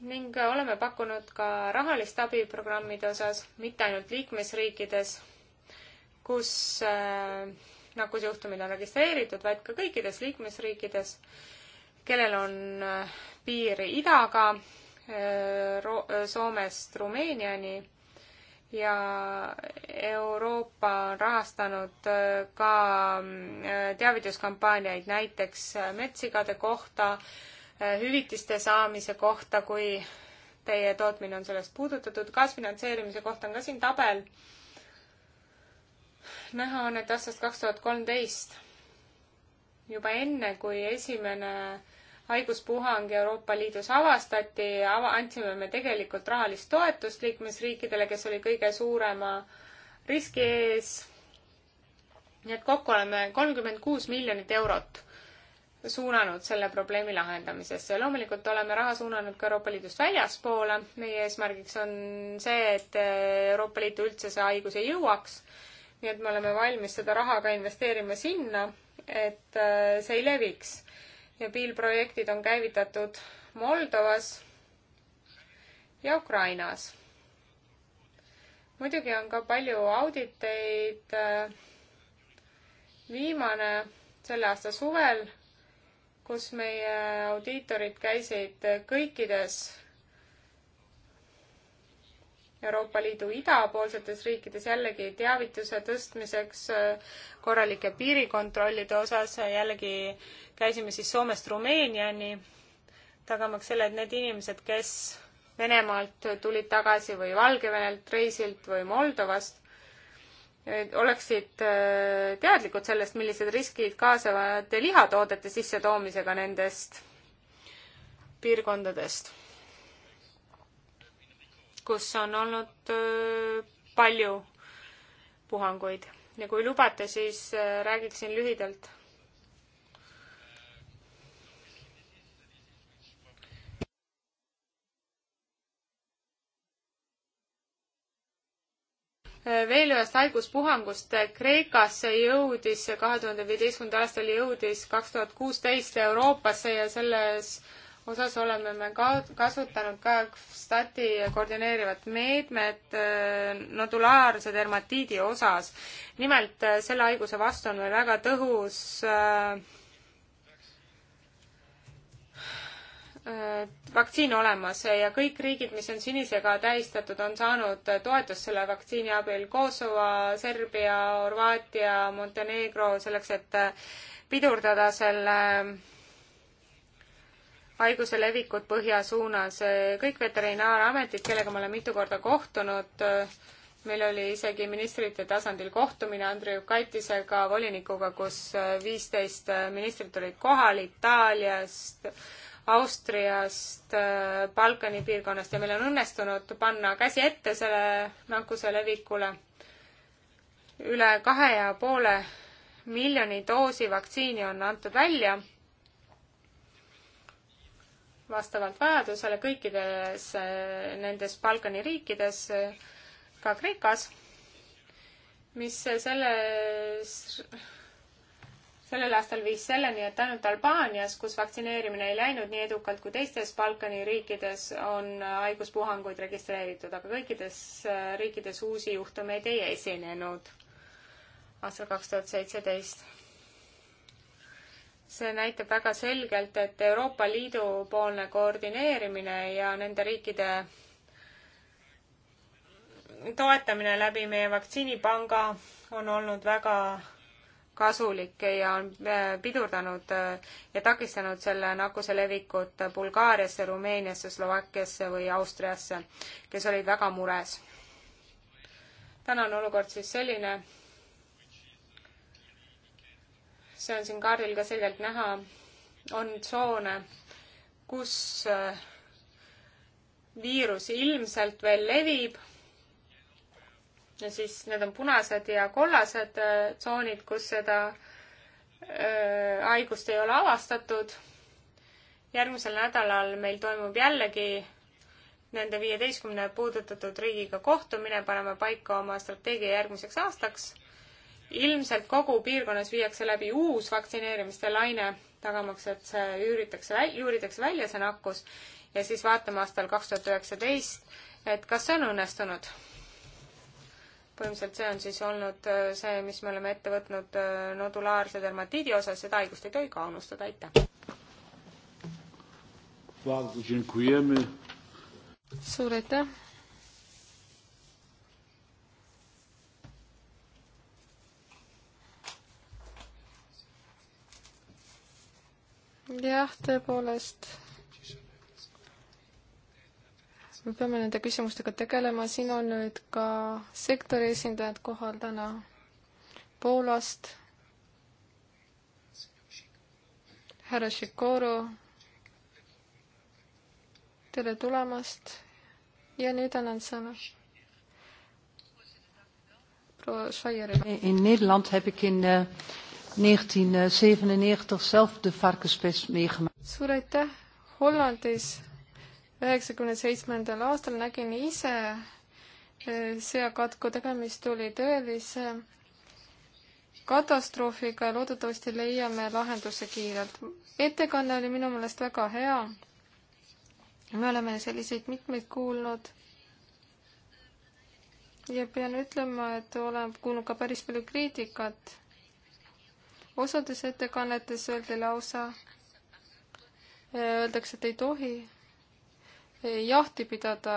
ning äh, oleme pakkunud ka rahalist abi programmide osas, mitte ainult liikmesriikides, kus äh, nakkusjuhtumid on registreeritud, vaid ka kõikides liikmesriikides, kellel on äh, piir idaga, äh, äh, Soomest Rumeeniani ja Euroopa on rahastanud ka mm, teavituskampaaniaid näiteks metssigade kohta, hüvitiste saamise kohta, kui teie tootmine on sellest puudutatud. kaasfinantseerimise kohta on ka siin tabel näha on, et aastast kaks tuhat kolmteist, juba enne, kui esimene haiguspuhang Euroopa Liidus avastati, andsime me tegelikult rahalist toetust liikmesriikidele, kes oli kõige suurema riski ees. nii et kokku oleme kolmkümmend kuus miljonit eurot suunanud selle probleemi lahendamisesse. loomulikult oleme raha suunanud ka Euroopa Liidust väljaspoole. meie eesmärgiks on see, et Euroopa Liitu üldse see haigus ei jõuaks nii et me oleme valmis seda raha ka investeerima sinna, et äh, see ei leviks. ja piilprojektid on käivitatud Moldovas ja Ukrainas. muidugi on ka palju auditeid. Äh, viimane selle aasta suvel, kus meie audiitorid käisid kõikides Euroopa Liidu idapoolsetes riikides jällegi teavituse tõstmiseks äh, korralike piirikontrollide osas, äh, jällegi käisime siis Soomest Rumeeniani, tagamaks selle, et need inimesed, kes Venemaalt tulid tagasi või Valgevenelt reisilt või Moldovast, oleksid äh, teadlikud sellest, millised riskid kaasnevad lihatoodete sissetoomisega nendest piirkondadest kus on olnud palju puhanguid ja kui lubate, siis räägiksin lühidalt. veel ühest haiguspuhangust Kreekasse jõudis kahe tuhande viieteistkümnendal aastal jõudis kaks tuhat kuusteist Euroopasse ja selles äh, osas oleme me ka kasutanud ka stati koordineerivat meetmet äh, nodulaarse dermatiidi osas. nimelt äh, selle haiguse vastu on meil väga tõhus äh, vaktsiin olemas ja kõik riigid, mis on sinisega tähistatud, on saanud toetust selle vaktsiini abil. Kosovo, Serbia, Horvaatia, Montenegro selleks, et pidurdada selle haiguse levikut põhja suunas. kõik veterinaarametid, kellega ma olen mitu korda kohtunud, meil oli isegi ministrite tasandil kohtumine Andrei Kaitisega, volinikuga, kus viisteist ministrit olid kohal Itaaliast, Austriast, Balkani piirkonnast ja meil on õnnestunud panna käsi ette selle nakkuse levikule. üle kahe ja poole miljoni doosi vaktsiini on antud välja vastavalt vajadusele kõikides äh, nendes Balkani riikides, äh, ka Kreekas, mis selles, sellel aastal viis selleni, et ainult Albaanias, kus vaktsineerimine ei läinud nii edukalt kui teistes Balkani riikides, on haiguspuhanguid registreeritud, aga kõikides äh, riikides uusi juhtumeid ei esinenud aastal kaks tuhat seitseteist see näitab väga selgelt, et Euroopa Liidu poolne koordineerimine ja nende riikide toetamine läbi meie vaktsiinipanga on olnud väga kasulik ja on äh, pidurdanud äh, ja takistanud selle nakkuse levikut Bulgaariasse, Rumeeniasse, Slovakkiasse või Austriasse, kes olid väga mures. täna on olukord siis selline, see on siin kaardil ka selgelt näha, on tsoone, kus äh, viirus ilmselt veel levib. ja siis need on punased ja kollased äh, tsoonid, kus seda äh, haigust ei ole avastatud. järgmisel nädalal meil toimub jällegi nende viieteistkümne puudutatud riigiga kohtumine, paneme paika oma strateegia järgmiseks aastaks ilmselt kogu piirkonnas viiakse läbi uus vaktsineerimiste laine, tagamaks, et see üüritakse, juuritakse välja, see nakkus, ja siis vaatame aastal kaks tuhat üheksateist, et kas see on õnnestunud. põhimõtteliselt see on siis olnud äh, see, mis me oleme ette võtnud äh, nodulaarse dermatiidi osas, seda haigust ei tohi ka unustada,
aitäh! suur aitäh! jah, tõepoolest. me peame nende küsimustega tegelema, siin on nüüd ka sektori esindajad kohal täna Poolast. härra Šikoro, tere tulemast ja nüüd annan sõna. proua Šaierile.
In Nederland heb ik in uh 1997 zelf de varkenspest meegemaakt.
suur aitäh, Hollandis üheksakümne seitsmendal aastal nägin ise eh, seakatku, tegemist oli tõelise katastroofiga ja loodetavasti leiame lahenduse kiirelt. ettekanne oli minu meelest väga hea. me oleme selliseid mitmeid kuulnud. ja pean ütlema, et olen kuulnud ka päris palju kriitikat osades ettekannetes öeldi lausa, öeldakse, et ei tohi jahti pidada,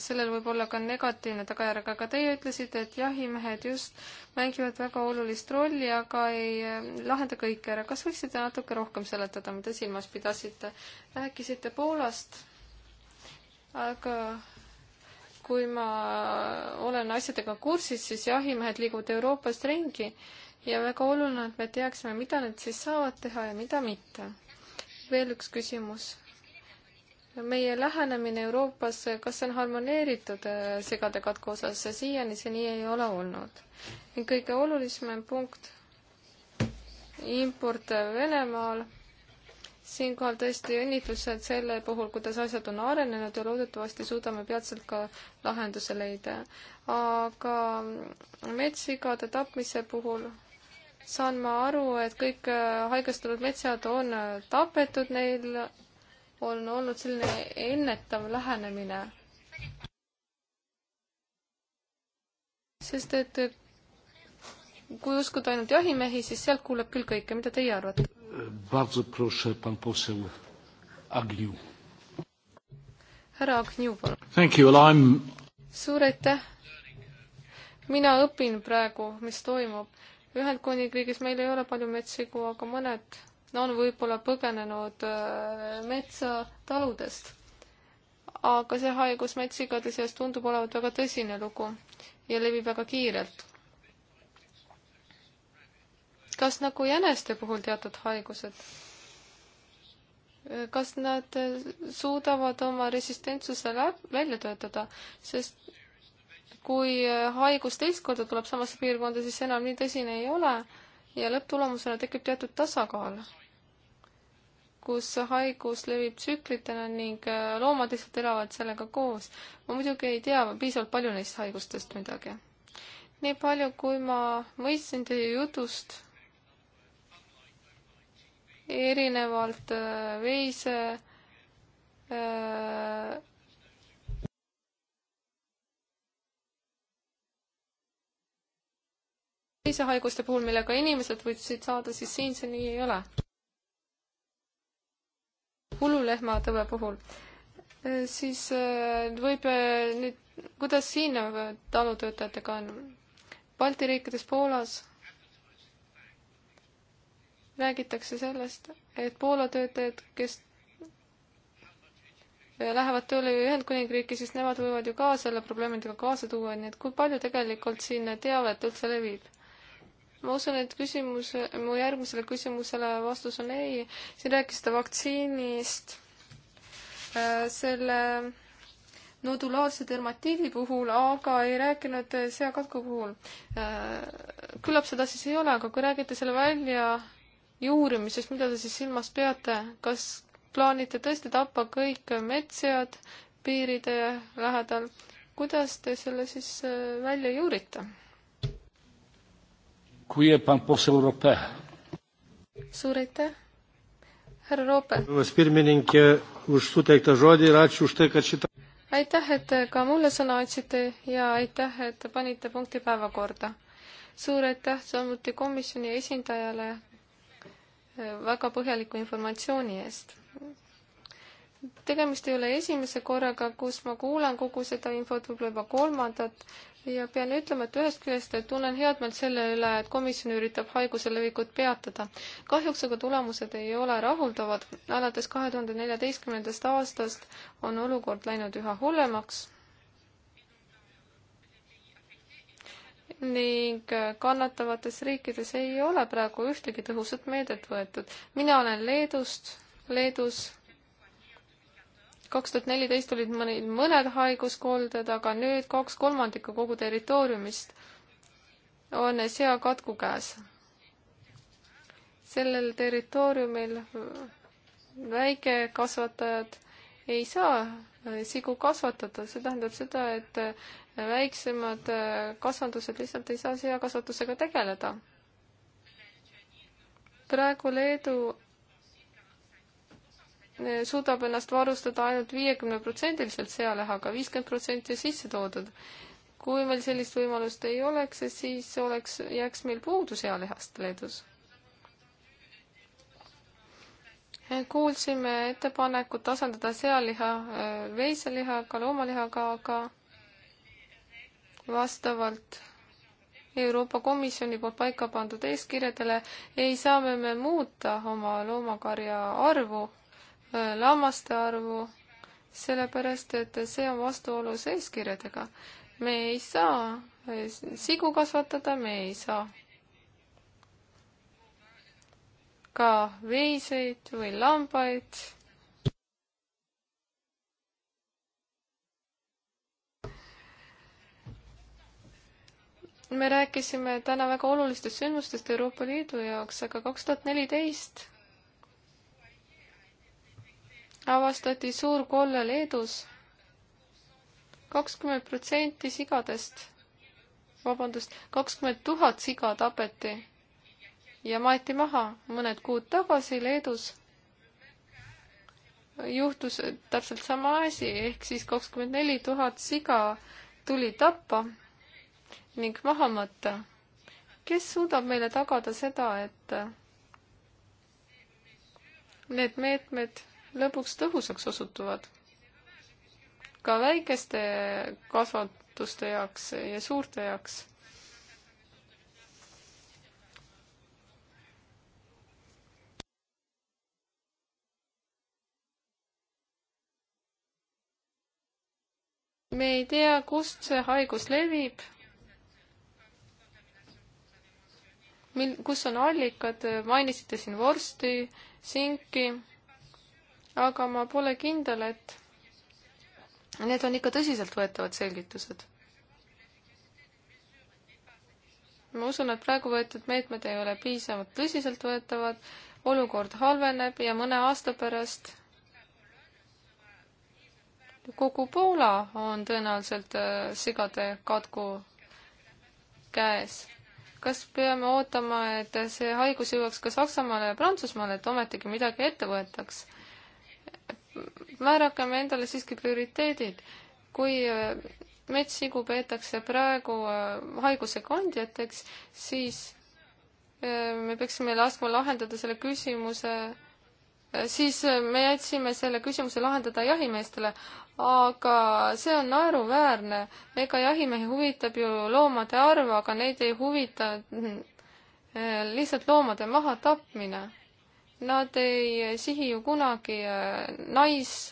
sellel võib olla ka negatiivne tagajärg, aga teie ütlesite, et jahimehed just mängivad väga olulist rolli, aga ei eh, lahenda kõike ära. kas võiksite natuke rohkem seletada, mida silmas pidasite? rääkisite Poolast, aga kui ma olen asjadega kursis, siis jahimehed liiguvad Euroopas ringi ja väga oluline, et me teaksime, mida nad siis saavad teha ja mida mitte. veel üks küsimus. meie lähenemine Euroopas, kas see on harmoneeritud äh, sigade katku osas, siiani see nii ei ole olnud. kõige olulisem punkt, import Venemaal siinkohal tõesti õnnitlused selle puhul, kuidas asjad on arenenud ja loodetavasti suudame peatselt ka lahenduse leida. aga metssigade tapmise puhul saan ma aru, et kõik äh, haigestunud metsad on äh, tapetud, neil on olnud selline ennetav lähenemine. sest et äh, kui uskuda ainult jahimehi, siis sealt kuuleb küll kõike, mida teie arvate? härra Agniu, palun. suur aitäh! mina õpin praegu, mis toimub Ühendkuningriigis meil ei ole palju metssigu, aga mõned on võib-olla põgenenud äh, metsataludest. aga see haigus metssigade seas tundub olevat väga tõsine lugu ja levib väga kiirelt. kas nagu jäneste puhul teatud haigused? kas nad äh, suudavad oma resistentsuse läb-, välja töötada, sest kui äh, haigus teist korda tuleb samasse piirkonda, siis enam nii tõsine ei ole ja lõpptulemusena tekib teatud tasakaal, kus haigus levib tsüklitena ning äh, loomad lihtsalt elavad sellega koos. ma muidugi ei tea piisavalt palju neist haigustest midagi. nii palju, kui ma mõistsin teie jutust, erinevalt äh, veise äh, teise haiguste puhul, millega inimesed võiksid saada, siis siin see nii ei ole. hullulehmatõve puhul, äh, siis äh, võib äh, nüüd, kuidas siin talutöötajatega on? Balti riikides, Poolas räägitakse sellest, et Poola töötajad, kes lähevad tööle Ühendkuningriiki, siis nemad võivad ju ka selle probleemidega kaasa tuua, nii et kui palju tegelikult siin teavet üldse levib? ma usun, et küsimus, mu järgmisele küsimusele vastus on ei. siin rääkisite vaktsiinist. Äh, selle nodulaarse dermatiivi puhul, aga ei rääkinud seakatku puhul. Äh, küllap seda siis ei ole, aga kui räägite selle välja juurimisest, mida te siis silmas peate, kas plaanite tõesti tappa kõik metssead piiride lähedal? kuidas te selle siis äh, välja juurite? suur aitäh, härra Roope. aitäh, et ka mulle sõna andsite ja aitäh, et panite punkti päevakorda. suur aitäh samuti komisjoni esindajale eh, väga põhjaliku informatsiooni eest. tegemist ei ole esimese korraga, kus ma kuulan kogu seda infot, võib-olla juba kolmandat ja pean ütlema, et ühest küljest tunnen head meelt selle üle, et komisjon üritab haiguse levikut peatada. kahjuks aga tulemused ei ole rahuldavad. alates kahe tuhande neljateistkümnendast aastast on olukord läinud üha hullemaks ning kannatavates riikides ei ole praegu ühtegi tõhusat meedet võetud. mina olen Leedust, Leedus kaks tuhat neliteist olid mõni, mõned haiguskolded, aga nüüd kaks kolmandikku kogu territooriumist on seakatku käes. sellel territooriumil väikekasvatajad ei saa äh, sigu kasvatada, see tähendab seda, et äh, väiksemad äh, kasvandused lihtsalt ei saa seakasvatusega tegeleda. praegu Leedu suudab ennast varustada ainult viiekümneprotsendiliselt sealihaga, viiskümmend protsenti sisse toodud. kui meil sellist võimalust ei oleks, siis oleks, jääks meil puudu sealihast Leedus. kuulsime ettepanekut asendada sealiha äh, veiselihaga, loomalihaga, aga vastavalt Euroopa Komisjoni poolt paika pandud eeskirjadele ei saa me muuta oma loomakarja arvu Äh, lammaste arvu, sellepärast et see on vastuolus eeskirjadega. me ei saa äh, sigu kasvatada, me ei saa ka veiseid või lambaid. me rääkisime täna väga olulistest sündmustest Euroopa Liidu jaoks, aga kaks tuhat neliteist avastati suur kolle Leedus. kakskümmend protsenti sigadest, vabandust, kakskümmend tuhat siga tapeti ja maeti maha mõned kuud tagasi Leedus. juhtus täpselt sama asi, ehk siis kakskümmend neli tuhat siga tuli tappa ning maha matta. kes suudab meile tagada seda, et need meetmed lõpuks tõhusaks osutuvad ka väikeste kasvatuste jaoks ja suurte jaoks me ei tea, kust see haigus levib. mil-, kus on allikad, mainisite siin vorsti, sinki aga ma pole kindel, et need on ikka tõsiseltvõetavad selgitused. ma usun, et praegu võetud meetmed ei ole piisavalt tõsiseltvõetavad, olukord halveneb ja mõne aasta pärast kogu Poola on tõenäoliselt äh, sigade katku käes. kas peame ootama, et see haigus jõuaks ka Saksamaale ja Prantsusmaale, et ometigi midagi ette võetaks? määrakem endale siiski prioriteedid. kui äh, metssigu peetakse praegu äh, haiguse kandjateks, siis äh, me peaksime laskma lahendada selle küsimuse, siis me jätsime selle küsimuse lahendada jahimeestele, aga see on naeruväärne. ega jahimehi huvitab ju loomade arv, aga neid ei huvita lihtsalt loomade mahatapmine Nad ei sihi ju kunagi äh, nais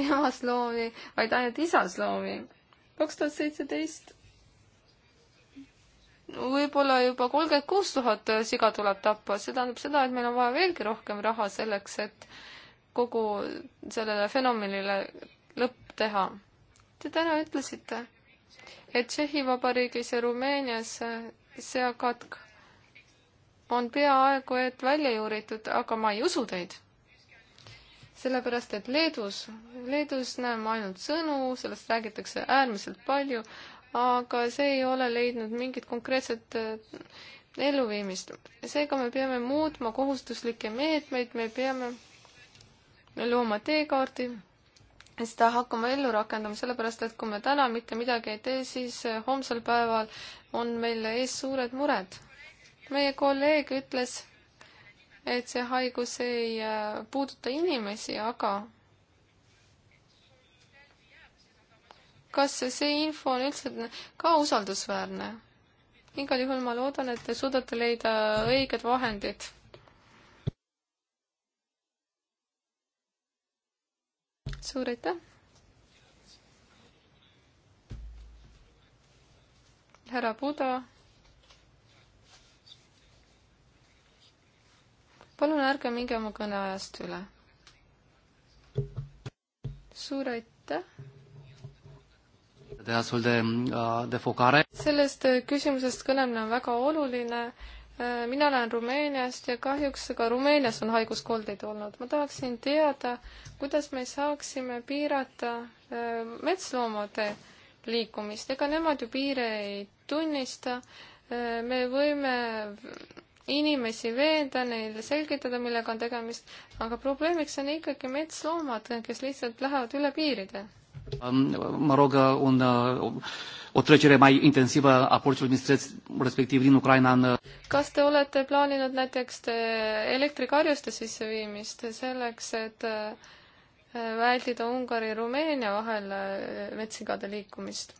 emasloomi, vaid ainult isasloomi. kaks tuhat seitseteist võib-olla juba kolmkümmend kuus tuhat siga tuleb tappa, see tähendab seda, et meil on vaja veelgi rohkem raha selleks, et kogu sellele fenomenile lõpp teha. Te täna ütlesite, et Tšehhi Vabariigis ja Rumeenias seakatk on peaaegu et välja juuritud, aga ma ei usu teid. sellepärast, et Leedus, Leedus näeme ainult sõnu, sellest räägitakse äärmiselt palju, aga see ei ole leidnud mingit konkreetset äh, elluviimist. seega me peame muutma kohustuslikke meetmeid, me peame looma teekaardi seda hakkama ellu rakendama, sellepärast et kui me täna mitte midagi ei tee, siis eh, homsel päeval on meil ees suured mured. meie kolleeg ütles, et see haigus ei eh, puuduta inimesi, aga kas see info on üldse ka usaldusväärne? igal juhul ma loodan, et te suudate leida õiged vahendid suur aitäh. härra Buda. palun ärge minge oma kõneajast üle. suur aitäh de astfel de, de äh, focare. Sellest äh, küsimusest kõnemine on väga oluline Äh, mina olen Rumeeniast ja kahjuks ka Rumeenias on haiguskoldeid olnud. ma tahaksin teada, kuidas me saaksime piirata äh, metsloomade liikumist, ega nemad ju piire ei tunnista. Äh, me võime inimesi veenda, neile selgitada, millega on tegemist, aga probleemiks on ikkagi metsloomad, kes lihtsalt lähevad üle piiride Mă rog, un, uh, o trecere mai intensivă a porcilor din streț, respectiv din Ukraina în... kas te olete plaaninud näiteks elektrikarjuste sisseviimist selleks, et äh, vältida Ungari ja Rumeenia vahel äh, metssigade liikumist?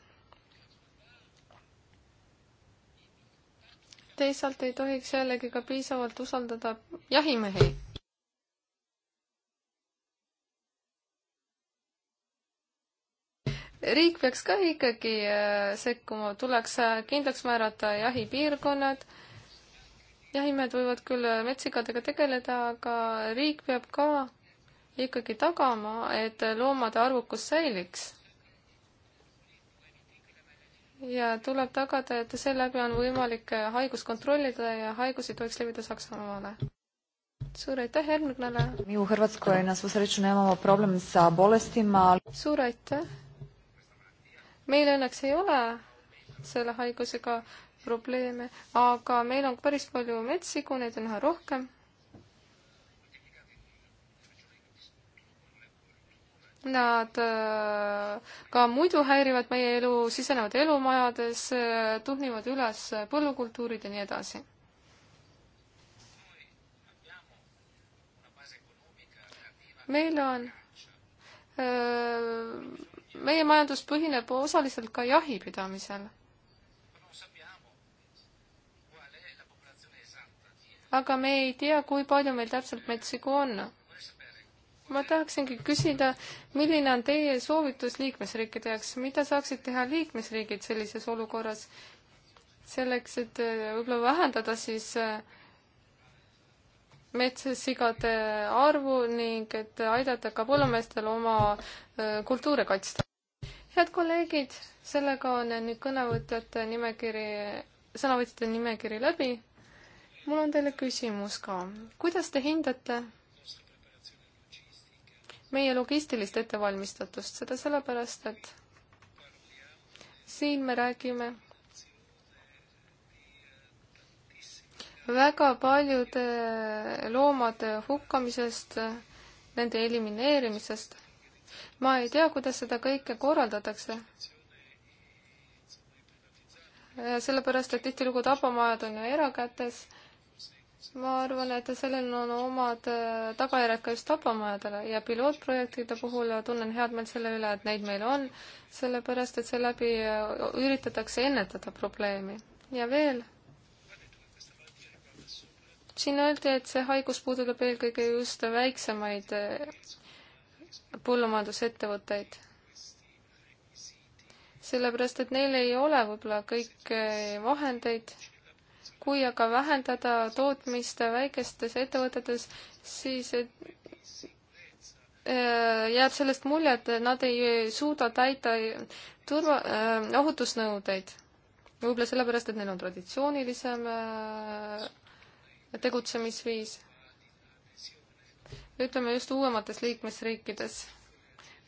teisalt ei tohiks jällegi ka piisavalt usaldada jahimehi riik peaks ka ikkagi äh, sekkuma, tuleks äh, kindlaks määrata jahipiirkonnad, jahimehed võivad küll äh, metssigadega tegeleda, aga riik peab ka ikkagi tagama, et loomade arvukus säiliks. ja tuleb tagada, et seeläbi on võimalik haigus kontrollida ja haigus ei tohiks levida Saksamaale suur aitäh, järgmine kõneleja. minu Hrvatskoj na svu sreću nemamo problem sa bolestima. suur aitäh meil õnneks ei ole selle haigusega probleeme, aga meil on päris palju metssigu, neid on üha rohkem. Nad äh, ka muidu häirivad meie elu, sisenevad elumajades, äh, tuhnivad üles põllukultuurid ja nii edasi. meil on öö, äh, meie majandus põhineb osaliselt ka jahipidamisel. aga me ei tea, kui palju meil täpselt metsigu on. ma tahaksingi küsida, milline on teie soovitus liikmesriikide jaoks, mida saaksid teha liikmesriigid sellises olukorras, selleks, et äh, võib-olla vähendada siis äh, metssigade arvu ning et aidata ka põllumeestel oma kultuure kaitsta. head kolleegid, sellega on nüüd kõnevõtjate nimekiri, sõnavõtjate nimekiri läbi. mul on teile küsimus ka, kuidas te hindate meie logistilist ettevalmistatust, seda sellepärast, et siin me räägime väga paljude loomade hukkamisest, nende elimineerimisest. ma ei tea, kuidas seda kõike korraldatakse. sellepärast, et tihtilugu tapamajad on ju erakätes. ma arvan, et sellel on omad äh, tagajärjed ka just tapamajadele ja pilootprojektide puhul tunnen head meelt selle üle, et neid meil on, sellepärast et seeläbi äh, üritatakse ennetada probleemi. ja veel siin öeldi, et see haigus puudutab eelkõige just väiksemaid eh, põllumajandusettevõtteid. sellepärast, et neil ei ole võib-olla kõiki vahendeid. kui aga vähendada tootmist väikestes ettevõtetes, siis eh, eh, jääb sellest mulje, et nad ei suuda täita turva, ohutusnõudeid. võib-olla sellepärast, et neil on traditsioonilisem tegutsemisviis. ütleme just uuemates liikmesriikides.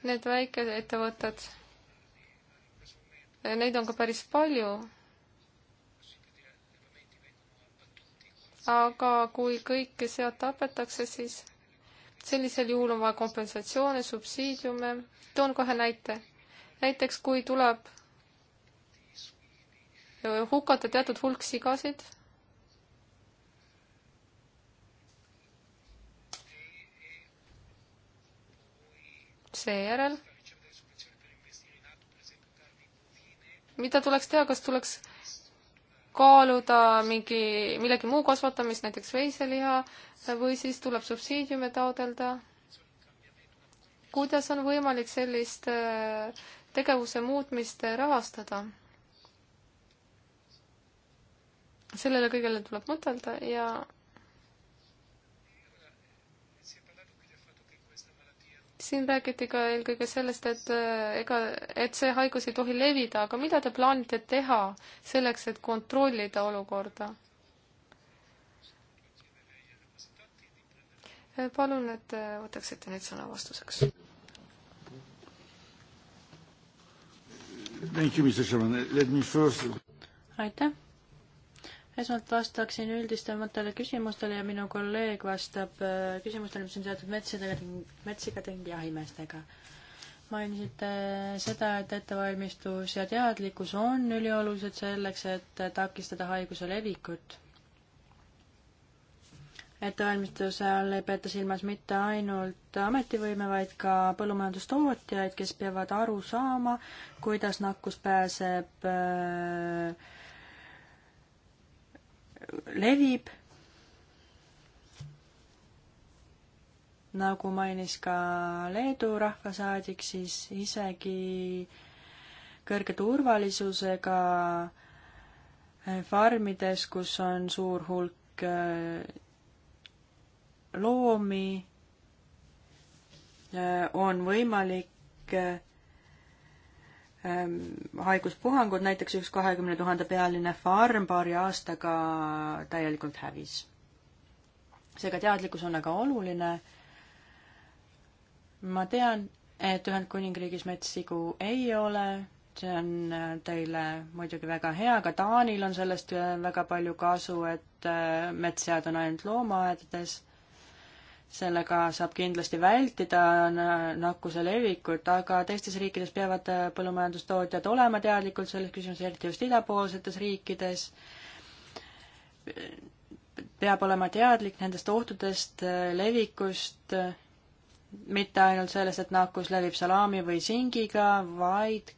Need väikeettevõtted, eh, neid on ka päris palju. aga kui kõike sealt tapetakse, siis sellisel juhul on vaja kompensatsioone, subsiidiume. toon kohe näite. näiteks kui tuleb eh, hukata teatud hulk sigasid seejärel, mida tuleks teha, kas tuleks kaaluda mingi, millegi muu kasvatamist, näiteks veiseliha, või siis tuleb subsiidiume taodelda. kuidas on võimalik sellist äh, tegevuse muutmist äh, rahastada? sellele kõigele tuleb mõtelda ja siin räägiti ka eelkõige sellest, et äh, ega, et see haigus ei tohi levida, aga mida te plaanite teha selleks, et kontrollida olukorda? Äh, palun, et äh, võtaksite
nüüd sõna vastuseks. aitäh esmalt vastaksin üldistematele küsimustele ja minu kolleeg vastab äh, küsimustele, mis on seotud metsadega, metsikade ning jahimeestega. mainisite äh, seda, et ettevalmistus ja teadlikkus on üliolulised selleks, et takistada haiguse levikut. ettevalmistuse all ei peeta silmas mitte ainult ametivõime, vaid ka põllumajandustootjaid, kes peavad aru saama, kuidas nakkus pääseb äh, levib. nagu mainis ka Leedu rahvasaadik, siis isegi kõrge turvalisusega eh, farmides, kus on suur hulk eh, loomi, eh, on võimalik Ehm, haiguspuhangud, näiteks üks kahekümne tuhande pealine farm paari aastaga täielikult hävis. seega teadlikkus on väga oluline. ma tean, et Ühendkuningriigis metssigu ei ole, see on äh, teile muidugi väga hea, ka Taanil on sellest äh, väga palju kasu, et äh, metssead on ainult loomaaedades sellega saab kindlasti vältida nakkuse levikut, aga teistes riikides peavad äh, põllumajandustootjad olema teadlikud selles küsimuses, eriti just idapoolsetes riikides. peab olema teadlik nendest ohtudest, äh, levikust, mitte ainult sellest, et nakkus levib salaami või singiga, vaid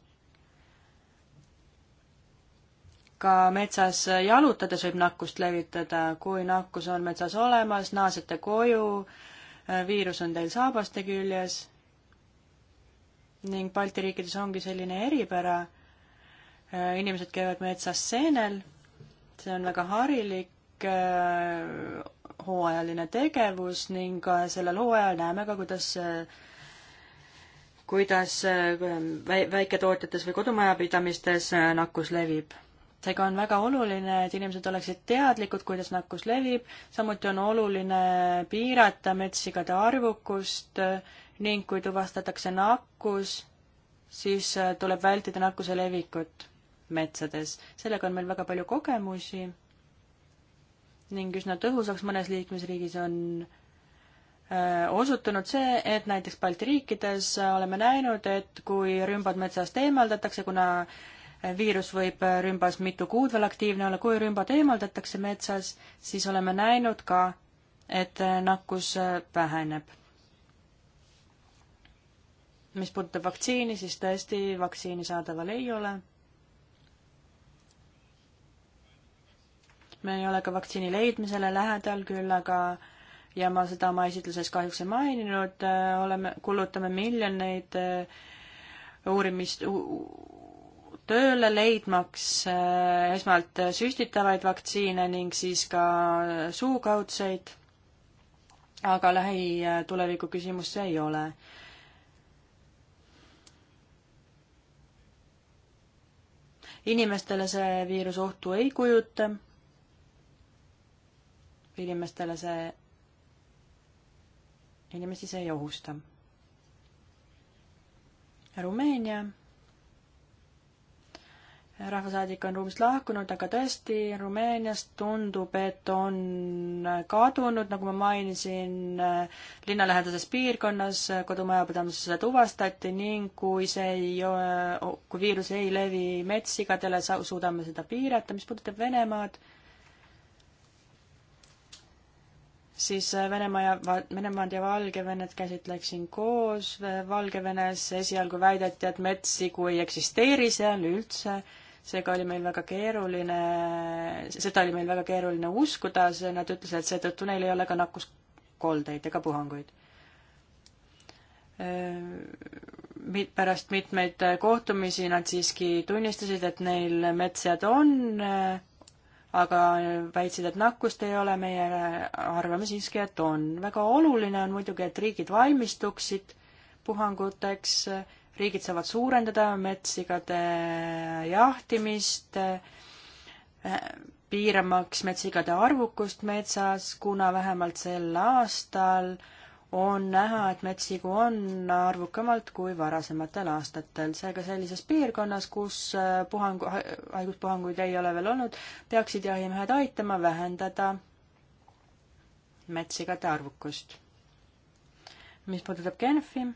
ka metsas jalutades võib nakkust levitada, kui nakkus on metsas olemas, naasete koju, äh, viirus on teil saabaste küljes ning Balti riikides ongi selline eripära, äh, inimesed käivad metsas seenel, see on väga harilik äh, hooajaline tegevus ning sellel hooajal näeme ka, kuidas kuidas väiketootjates või kodumajapidamistes nakkus levib seega on väga oluline, et inimesed oleksid teadlikud, kuidas nakkus levib, samuti on oluline piirata metssigade arvukust ning kui tuvastatakse nakkus, siis äh, tuleb vältida nakkuse levikut metsades. sellega on meil väga palju kogemusi ning üsna tõhusaks mõnes liikmesriigis on äh, osutunud see, et näiteks Balti riikides äh, oleme näinud, et kui rümbad metsast eemaldatakse, kuna viirus võib äh, rümbas mitu kuud veel aktiivne olla, kui rümbad eemaldatakse metsas, siis oleme näinud ka, et äh, nakkus äh, väheneb. mis puudutab vaktsiini, siis tõesti vaktsiini saadaval ei ole. me ei ole ka vaktsiini leidmisele lähedal, küll aga ja ma seda oma esitluses kahjuks ei maininud, oleme, kulutame miljoneid uurimist, tööle, leidmaks äh, esmalt süstitavaid vaktsiine ning siis ka suukaudseid, aga lähituleviku küsimus see ei ole. inimestele see viiruse ohtu ei kujuta, inimestele see, inimesi see ei ohusta. Rumeenia rahvasaadik on ruumist lahkunud, aga tõesti Rumeenias tundub, et on kadunud, nagu ma mainisin, linnalähedases piirkonnas kodumajapidamises tuvastati ning kui see ei, kui viirus ei levi metssigadele, suudame seda piirata, mis puudutab Venemaad, siis äh, Venemaa ja, Venemaad ja Valgevenet käsitleksin koos. Äh, Valgevenes esialgu väideti, et metssigu ei eksisteeri seal üldse seega oli meil väga keeruline, seda oli meil väga keeruline uskuda, nad ütlesid, et seetõttu neil ei ole ka nakkuskoldeid ega puhanguid. Mit-, pärast mitmeid kohtumisi nad siiski tunnistasid, et neil metsad on, aga väitsid, et nakkust ei ole, meie arvame siiski, et on. väga oluline on muidugi, et riigid valmistuksid puhanguteks, riigid saavad suurendada metssigade jahtimist, eh, piiramaks metssigade arvukust metsas, kuna vähemalt sel aastal on näha, et metssigu on arvukamalt kui varasematel aastatel. seega sellises piirkonnas, kus eh, puhang, haiguspuhanguid ei ole veel olnud, peaksid jahimehed aitama vähendada metssigade arvukust. mis puudutab Genfi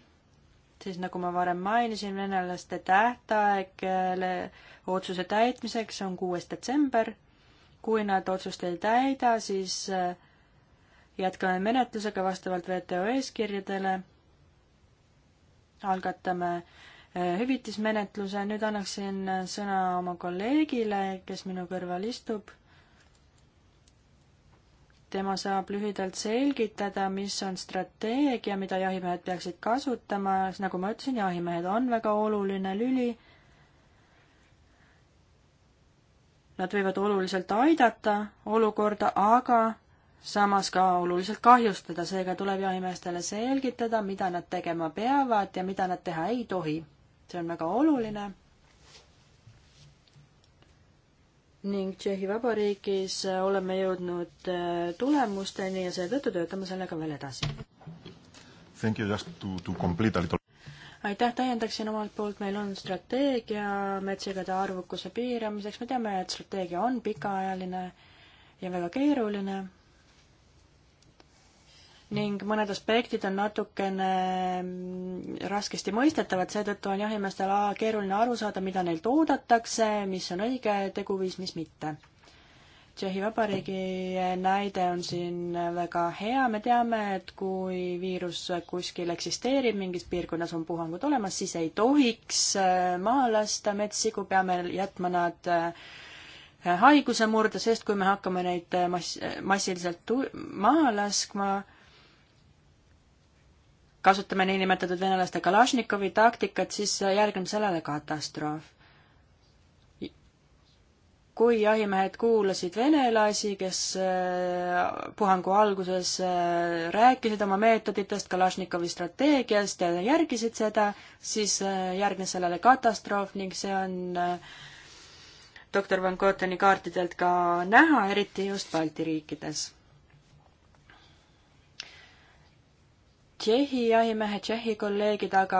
siis nagu ma varem mainisin, venelaste tähtaeg otsuse täitmiseks on kuues detsember. kui nad otsust ei täida, siis äh, jätkame menetlusega vastavalt WTO eeskirjadele. algatame äh, hüvitismenetluse, nüüd annaksin äh, sõna oma kolleegile, kes minu kõrval istub tema saab lühidalt selgitada, mis on strateegia, mida jahimehed peaksid kasutama, nagu ma ütlesin, jahimehed on väga oluline lüli. Nad võivad oluliselt aidata olukorda, aga samas ka oluliselt kahjustada, seega tuleb jahimeestele selgitada, mida nad tegema peavad ja mida nad teha ei tohi. see on väga oluline ning Tšehhi Vabariigis äh, oleme jõudnud äh, tulemusteni ja seetõttu töötame sellega veel edasi. aitäh, täiendaksin omalt poolt, meil on strateegia metssigade arvukuse piiramiseks, me teame, et strateegia on pikaajaline ja väga keeruline ning mõned aspektid on natukene mm, raskesti mõistetavad, seetõttu on jahimeestel keeruline aru saada, mida neilt oodatakse, mis on õige teguviis, mis mitte. Tšehhi Vabariigi näide on siin väga hea, me teame, et kui viirus kuskil eksisteerib, mingis piirkonnas on puhangud olemas, siis ei tohiks äh, maha lasta metssigu, peame jätma nad äh, haiguse murde, sest kui me hakkame neid äh, mass, massiliselt maha laskma, kasutame niinimetatud venelaste Kalašnikovi taktikat, siis järgneb sellele katastroof. kui jahimehed kuulasid venelasi, kes äh, puhangu alguses äh, rääkisid oma meetoditest, Kalašnikovi strateegiast ja järgisid seda, siis äh, järgnes sellele katastroof ning see on doktor Van Goteni kaartidelt ka näha, eriti just Balti riikides Tšehhi jahimehed, Tšehhi kolleegid aga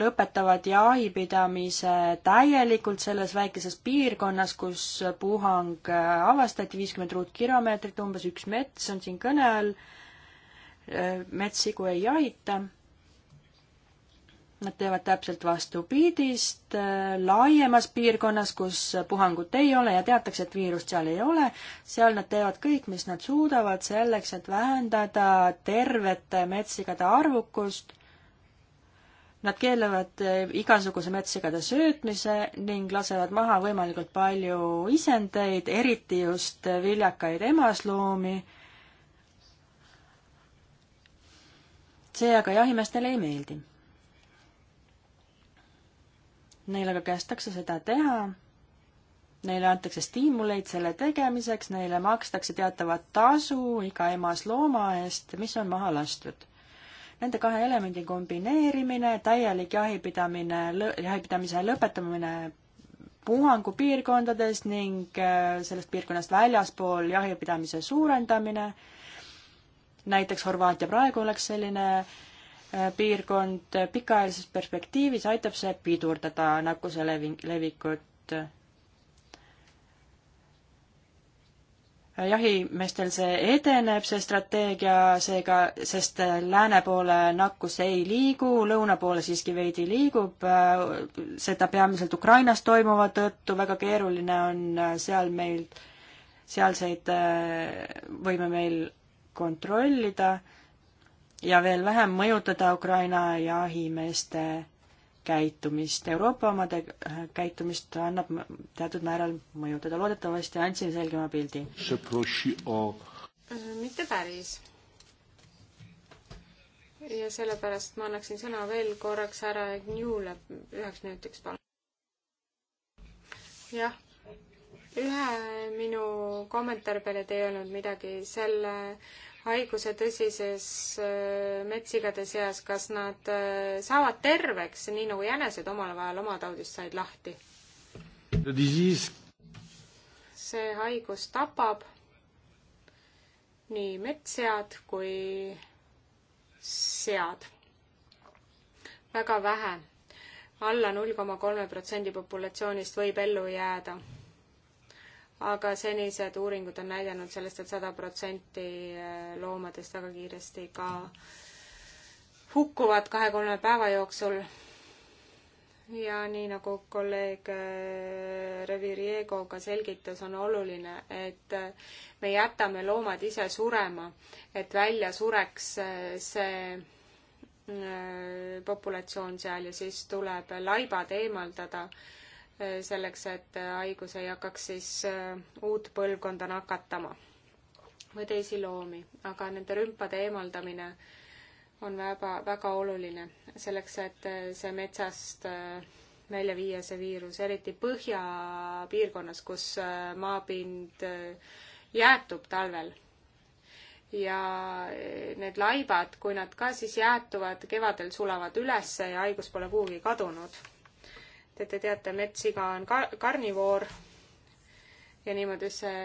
lõpetavad jahipidamise täielikult selles väikeses piirkonnas, kus puhang avastati, viiskümmend ruutkilomeetrit, umbes üks mets on siin kõne all, äh, metssigu ei jahita Nad teevad täpselt vastupidist äh, laiemas piirkonnas, kus puhangut ei ole ja teatakse, et viirust seal ei ole, seal nad teevad kõik, mis nad suudavad selleks, et vähendada tervete metssigade arvukust. Nad keelavad äh, igasuguse metssigade söötmise ning lasevad maha võimalikult palju isendeid, eriti just viljakaid emasloomi. see aga jahimeestele ei meeldi neile ka kästakse seda teha, neile antakse stiimuleid selle tegemiseks, neile makstakse teatavat tasu iga emas looma eest, mis on maha lastud. Nende kahe elemendi kombineerimine, täielik jahipidamine, jahipidamise lõpetamine puhangupiirkondades ning äh, sellest piirkonnast väljaspool jahipidamise suurendamine, näiteks Horvaatia praegu oleks selline äh, Äh, piirkond pikaajalises perspektiivis aitab see pidurdada nakkuse leving, levikut. jahimeestel see edeneb, see strateegia, seega, sest lääne poole nakkus ei liigu, lõuna poole siiski veidi liigub, seda peamiselt Ukrainas toimuva tõttu, väga keeruline on äh, seal meil, sealseid äh, võime meil kontrollida ja veel vähem mõjutada Ukraina jahimeeste käitumist. Euroopa omade äh, käitumist annab teatud määral mõjutada. loodetavasti andsin selgema pildi. Äh,
mitte päris. ja sellepärast ma annaksin sõna veel korraks härra Ignule üheks minutiks, palun. jah, ühe minu kommentaari peale te ei öelnud midagi selle äh, haiguse tõsises äh, metssigade seas, kas nad äh, saavad terveks, nii nagu jänesed omal ajal oma taudist said lahti? see haigus tapab nii metssead kui sead. väga vähe alla, alla null koma kolme protsendi populatsioonist võib ellu jääda aga senised uuringud on näidanud sellest et, et sada protsenti äh, loomadest väga kiiresti ka hukkuvad kahe-kolme päeva jooksul. ja nii nagu kolleeg äh, Reviriego ka selgitas, on oluline, et äh, me jätame loomad ise surema, et välja sureks see populatsioon seal ja siis tuleb laibad eemaldada selleks, et haigus ei hakkaks siis äh, uut põlvkonda nakatama või teisi loomi, aga nende rümpade eemaldamine on väga, väga oluline selleks, et äh, see metsast äh, välja viia, see viirus, eriti põhjapiirkonnas, kus maapind jäätub talvel ja need laibad, kui nad ka siis jäätuvad, kevadel sulavad üles ja haigus pole kuhugi kadunud. Te, te teate, metssiga on ka-, karnivoor ja niimoodi see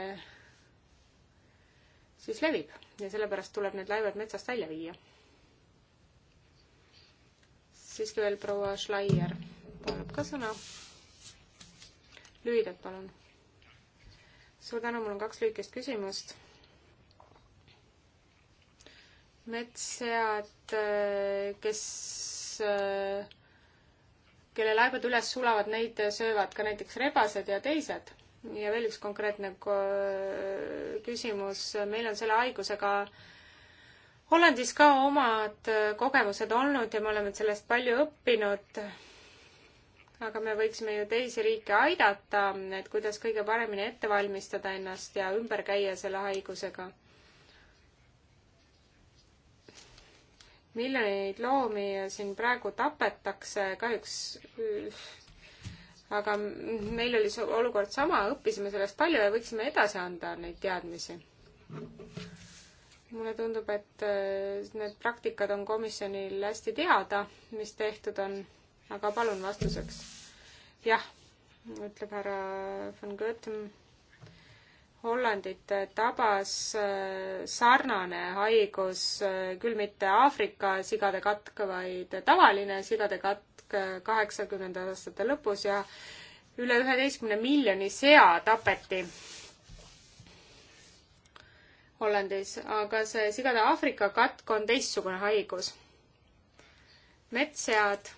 siis levib ja sellepärast tuleb need laivad metsast välja viia. siiski veel proua Schleier palub ka sõna. lühidalt, palun. suur tänu, mul on kaks lühikest küsimust metssead, kes äh, kelle laibad üles sulavad, neid söövad ka näiteks rebased ja teised. ja veel üks konkreetne küsimus, meil on selle haigusega Hollandis ka omad kogemused olnud ja me oleme sellest palju õppinud. aga me võiksime ju teisi riike aidata, et kuidas kõige paremini ette valmistada ennast ja ümber käia selle haigusega miljoneid loomi siin praegu tapetakse, kahjuks aga meil oli see olukord sama, õppisime sellest palju ja võiksime edasi anda neid teadmisi. mulle tundub, et äh, need praktikad on komisjonil hästi teada, mis tehtud on, aga palun vastuseks. jah, ütleb härra von Goethe Hollandit tabas äh, sarnane haigus, äh, küll mitte Aafrika sigade katk, vaid tavaline sigade katk äh, kaheksakümnendate aastate lõpus ja üle üheteistkümne miljoni sea tapeti Hollandis, aga see sigade Aafrika katk on teistsugune haigus. metssead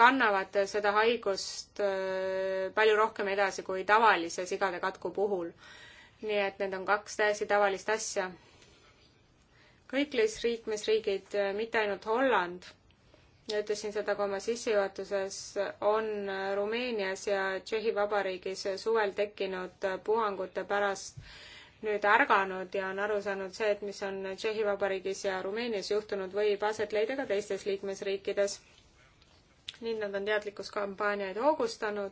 kannavad seda haigust äh, palju rohkem edasi kui tavalise sigade katku puhul. nii et need on kaks täiesti tavalist asja. kõik liikmesriigid, äh, mitte ainult Holland, ütlesin seda ka oma sissejuhatuses, on äh, Rumeenias ja Tšehhi Vabariigis suvel tekkinud puhangute pärast nüüd ärganud ja on aru saanud see, et mis on Tšehhi Vabariigis ja Rumeenias juhtunud, võib aset leida ka teistes liikmesriikides linnad on teadlikkuskampaaniaid hoogustanud.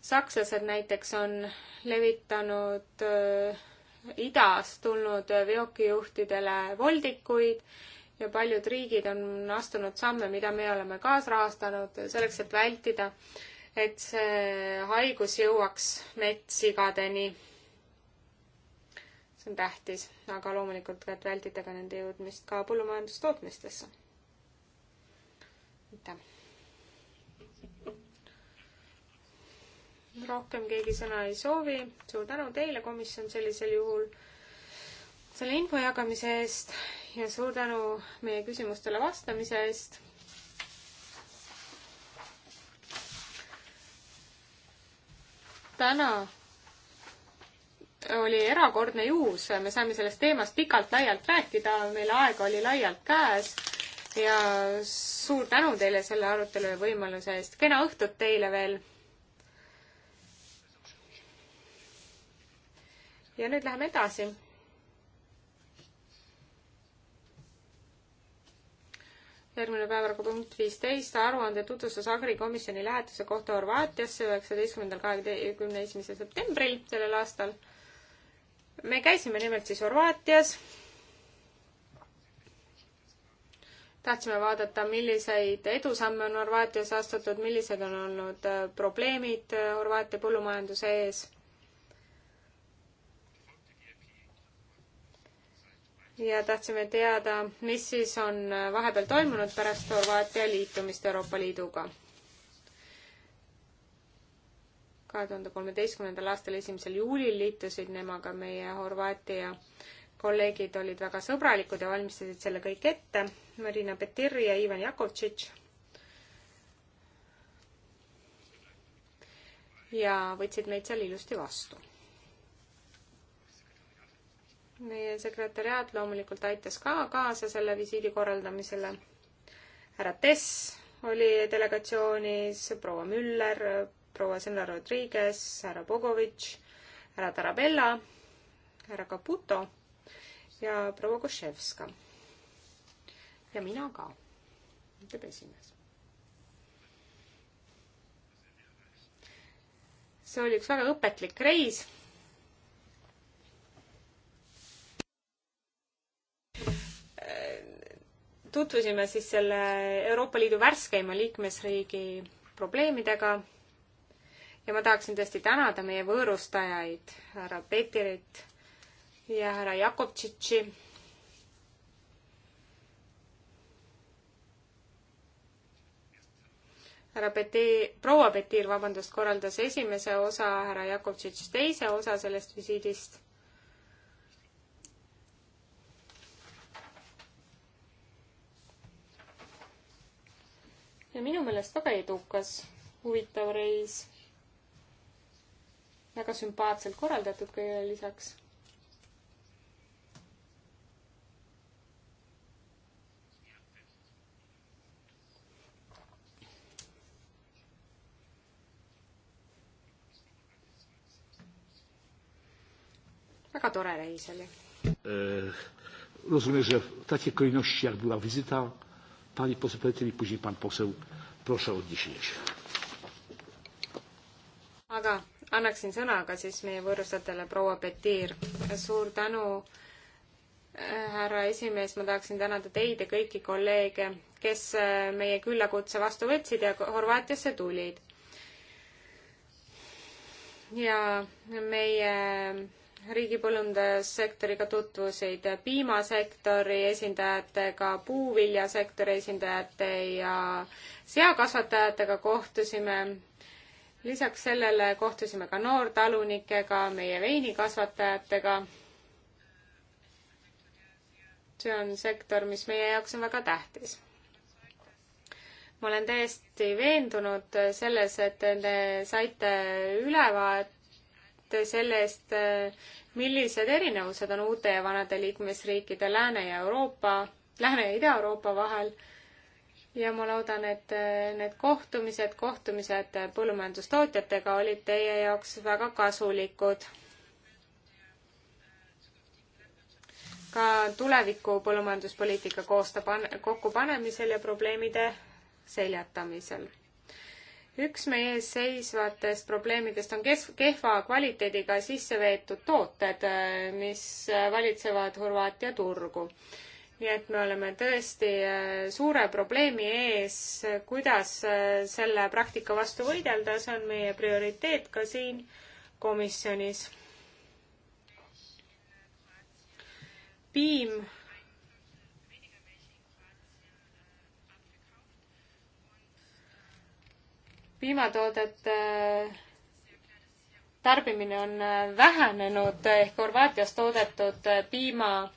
sakslased näiteks on levitanud äh, idast tulnud äh, veokijuhtidele voldikuid ja paljud riigid on astunud samme, mida me oleme kaasrahastanud selleks, et vältida, et see haigus jõuaks metssigadeni. see on tähtis, aga loomulikult, et vältida ka nende jõudmist ka põllumajandustootmistesse aitäh. rohkem keegi sõna ei soovi. suur tänu teile, komisjon, sellisel juhul selle info jagamise eest ja suur tänu meie küsimustele vastamise eest. täna oli erakordne juhus, me saime sellest teemast pikalt-laialt rääkida, meil aega oli laialt käes ja suur tänu teile selle arutelu ja võimaluse eest. kena õhtut teile veel. ja nüüd läheme edasi. järgmine päevakorrapunkt viisteist, aruande tutvustus Agri komisjoni lähetuse kohta Horvaatiasse üheksateistkümnendal, kahekümne esimesel septembril sellel aastal. me käisime nimelt siis Horvaatias tahtsime vaadata, milliseid edusamme on Horvaatias astutud, millised on olnud äh, probleemid äh, Horvaatia põllumajanduse ees. ja tahtsime teada, mis siis on äh, vahepeal toimunud pärast Horvaatia liitumist Euroopa Liiduga. kahe tuhande kolmeteistkümnendal aastal esimesel juulil liitusid nemaga meie Horvaatia kolleegid olid väga sõbralikud ja valmistasid selle kõik ette. Marina Petirri ja Ivan Jakovtšitš. ja võtsid meid seal ilusti vastu. meie sekretäriaat loomulikult aitas ka kaasa selle visiidi korraldamisele. härra Tess oli delegatsioonis, proua Müller, proua Senra Rodriguez, härra Bogovitš, härra Tarabella, härra Caputo ja proua Koševska. ja mina ka, ütleb esimees. see oli üks väga õpetlik reis. tutvusime siis selle Euroopa Liidu värskeima liikmesriigi probleemidega ja ma tahaksin tõesti tänada meie võõrustajaid, härra Petirit ja härra Jakobtšitši. härra Peti-, proua Petir, vabandust, korraldas esimese osa, härra Jakobtšitš teise osa sellest visiidist ja minu meelest väga edukas, huvitav reis. väga sümpaatselt korraldatud kõigele lisaks väga tore reis oli.
E, rozumiem, że w takiej kolejności, jak była wizyta, pani poseł Petri, później pan
poseł. Proszę o odniesienie się.
Aga annaksin sõna ka siis meie võõrustajatele, proua Petir. suur tänu, e, härra esimees, ma tahaksin tänada teid ja kõiki kolleege, kes e, meie küllakutse vastu võtsid ja Horvaatiasse tulid. ja meie riigi põllundussektoriga tutvusid piimasektori esindajatega, puuviljasektori esindajate ja seakasvatajatega kohtusime. lisaks sellele kohtusime ka noortalunikega, meie veinikasvatajatega. see on sektor, mis meie jaoks on väga tähtis ma olen täiesti veendunud selles, et te saite ülevaate teid selle eest, millised erinevused on uute ja vanade liikmesriikide Lääne ja Euroopa, Lääne ja Ida-Euroopa vahel. ja ma loodan, et need kohtumised, kohtumised põllumajandustootjatega olid teie jaoks väga kasulikud. ka tuleviku põllumajanduspoliitika koosta pan-, kokkupanemisel ja probleemide seljatamisel üks meie ees seisvatest probleemidest on kes-, kehva kvaliteediga sisse veetud tooted, mis valitsevad Horvaatia turgu. nii et me oleme tõesti äh, suure probleemi ees, kuidas äh, selle praktika vastu võidelda, see on meie prioriteet ka siin komisjonis. piim piimatoodete äh, tarbimine on äh, vähenenud ehk Horvaatias toodetud äh, piima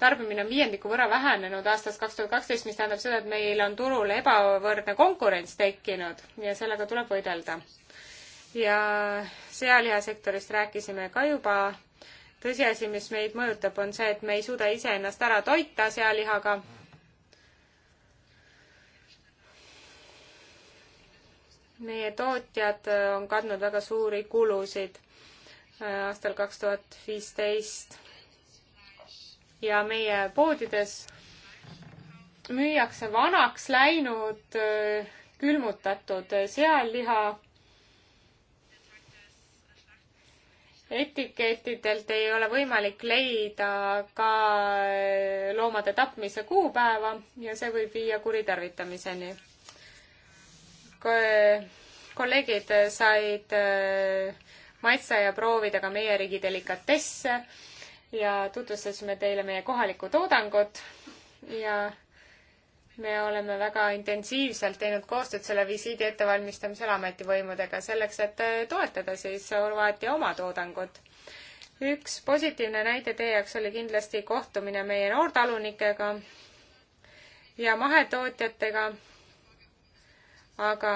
tarbimine on viiendiku võrra vähenenud aastast kaks tuhat kaksteist, mis tähendab seda, et meil on turul ebavõrdne konkurents tekkinud ja sellega tuleb võidelda. ja sealihasektorist rääkisime ka juba. tõsiasi, mis meid mõjutab, on see, et me ei suuda iseennast ära toita sealihaga meie tootjad äh, on kandnud väga suuri kulusid äh, aastal kaks tuhat viisteist. ja meie poodides müüakse vanaks läinud äh, külmutatud sealiha etikettidelt ei ole võimalik leida ka loomade tapmise kuupäeva ja see võib viia kuritarvitamiseni kolleegid said äh, maitsta ja proovida ka meie riigi delikatesse ja tutvustasime teile meie kohalikku toodangut ja me oleme väga intensiivselt teinud koostööd selle visiidi ettevalmistamisel ametivõimudega selleks, et äh, toetada siis Horvaatia oma toodangut. üks positiivne näide teie jaoks oli kindlasti kohtumine meie noortalunikega ja mahetootjatega aga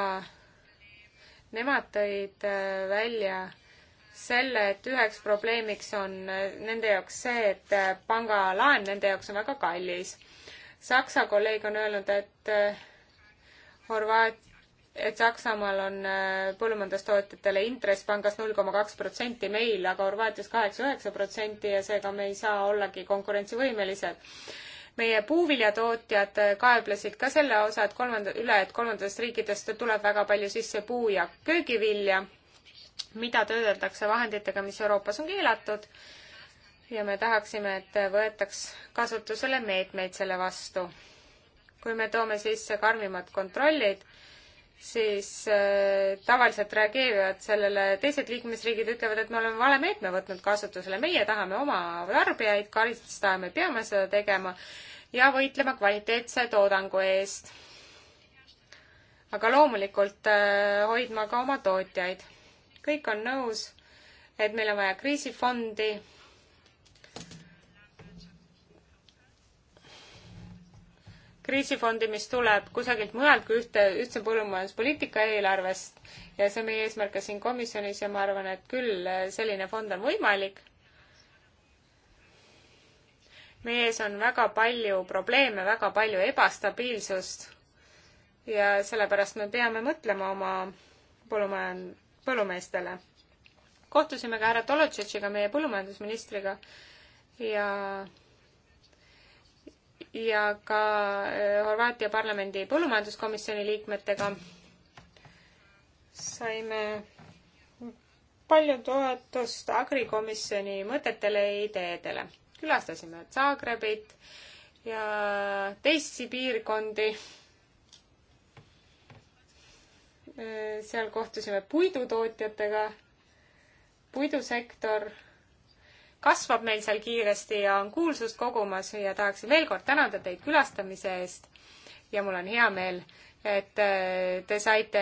nemad tõid äh, välja selle, et üheks probleemiks on äh, nende jaoks see, et äh, pangalaen nende jaoks on väga kallis. Saksa kolleeg on öelnud, et Horvaat-, et Saksamaal on põllumajandustootjatele intress pangas null koma kaks protsenti, meil aga Horvaatias kaheksa-üheksa protsenti ja seega me ei saa ollagi konkurentsivõimelised meie puuviljatootjad kaeblesid ka selle osa, et kolmanda, üle, et kolmandatest riikidest tuleb väga palju sisse puu- ja köögivilja, mida töödeldakse vahenditega, mis Euroopas on keelatud. ja me tahaksime, et võetaks kasutusele meetmeid selle vastu. kui me toome sisse karmimad kontrollid siis äh, tavaliselt reageerivad sellele teised liikmesriigid, ütlevad, et me oleme vale meetme võtnud kasutusele, meie tahame oma tarbijaid karistada, me peame seda tegema ja võitlema kvaliteetse toodangu eest. aga loomulikult äh, hoidma ka oma tootjaid. kõik on nõus, et meil on vaja kriisifondi kriisifondi, mis tuleb kusagilt mujalt kui ühte, ühtse põllumajanduspoliitika eelarvest ja see on meie eesmärk ka siin komisjonis ja ma arvan, et küll äh, selline fond on võimalik. meie ees on väga palju probleeme, väga palju ebastabiilsust ja sellepärast me peame mõtlema oma põllumajan-, põllumeestele. kohtusime ka härra Tolotšetšiga, meie põllumajandusministriga ja ja ka äh, Horvaatia parlamendi põllumajanduskomisjoni liikmetega saime palju toetust agrikomisjoni mõtetele ja ideedele. külastasime Zagrebit ja teisi piirkondi. Äh, seal kohtusime puidutootjatega. puidusektor kasvab meil seal kiiresti ja on kuulsust kogumas ja tahaksin veel kord tänada teid külastamise eest. ja mul on hea meel, et äh, te saite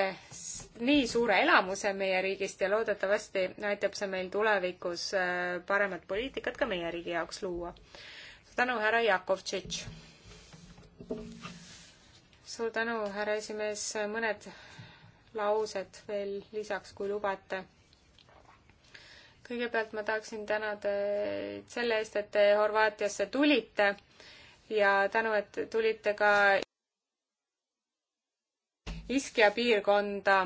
nii suure elamuse meie riigist ja loodetavasti aitab see meil tulevikus äh, paremat poliitikat ka meie riigi jaoks luua. tänu, härra Jakovtšitš. suur tänu, härra esimees, mõned laused veel lisaks, kui lubate kõigepealt ma tahaksin tänada teid selle eest, et te Horvaatiasse tulite ja tänu, et tulite ka Iskja piirkonda,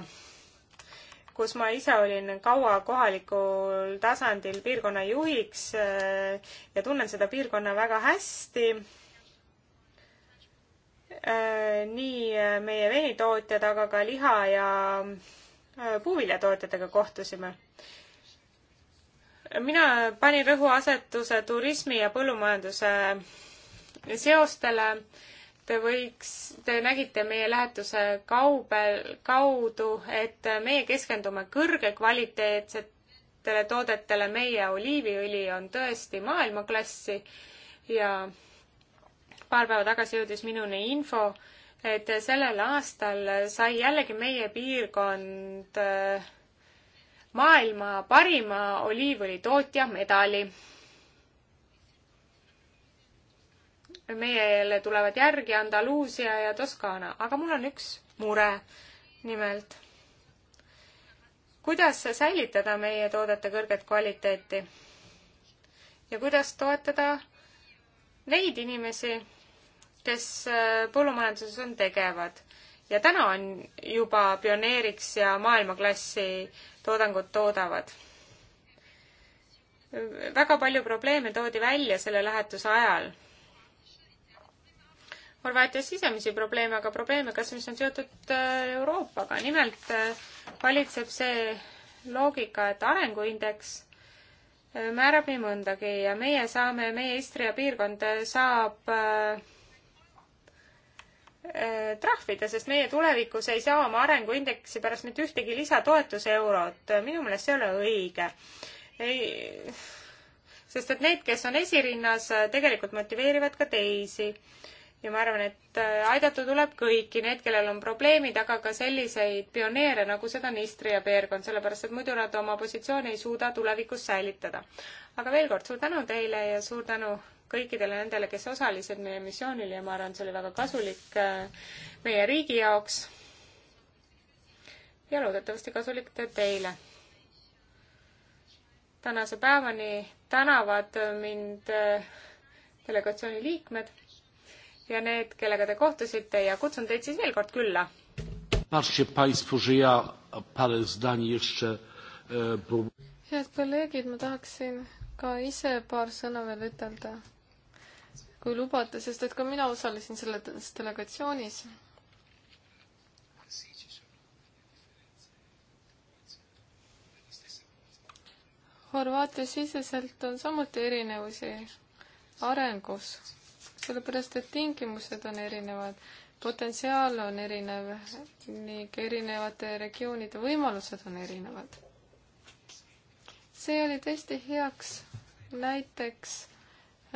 kus ma ise olin kaua kohalikul tasandil piirkonna juhiks äh, ja tunnen seda piirkonna väga hästi äh, nii meie veinitootjad, aga ka liha ja äh, puuviljatootjatega kohtusime mina panin rõhuasetuse turismi ja põllumajanduse seostele. Te võiks, te nägite meie lähetuse kaubel, kaudu, et meie keskendume kõrge kvaliteetsetele toodetele, meie oliiviõli on tõesti maailmaklassi ja paar päeva tagasi jõudis minuni info, et sellel aastal sai jällegi meie piirkond äh, maailma parima oliivõlitootja medali. meile tulevad järgi Andaluusia ja Toskaana, aga mul on üks mure nimelt. kuidas säilitada meie toodete kõrget kvaliteeti? ja kuidas toetada neid inimesi, kes äh, põllumajanduses on tegevad? ja täna on juba pioneeriks ja maailmaklassi toodangut toodavad. väga palju probleeme toodi välja selle lähetuse ajal. Horvaatias sisemisi probleeme, aga probleeme, kas, mis on seotud äh, Euroopaga. nimelt äh, valitseb see loogika, et arenguindeks äh, määrab nii mõndagi ja meie saame, meie Istria piirkond saab äh, Äh, trahvida, sest meie tulevikus ei saa oma arenguindeksi pärast mitte ühtegi lisatoetuse eurot. minu meelest see ei ole õige. ei, sest et need, kes on esirinnas, äh, tegelikult motiveerivad ka teisi. ja ma arvan, et äh, aidata tuleb kõiki, need, kellel on probleemid, aga ka selliseid pioneere, nagu seda on Istria piirkond, sellepärast et muidu nad oma positsiooni ei suuda tulevikus säilitada. aga veel kord suur tänu teile ja suur tänu kõikidele nendele, kes osalesid meie missioonil ja ma arvan, et see oli väga kasulik äh, meie riigi jaoks. ja loodetavasti kasulik ka teile. tänase päevani tänavad mind äh, delegatsiooni liikmed ja need, kellega te kohtusite ja kutsun teid siis veel kord külla.
E, head kolleegid, ma tahaksin ka ise paar sõna veel ütelda kui lubate, sest et ka mina osalesin selles delegatsioonis. Horvaatia siseselt on samuti erinevusi arengus, sellepärast et tingimused on erinevad, potentsiaal on erinev ning erinevate regioonide võimalused on erinevad. see oli tõesti heaks näiteks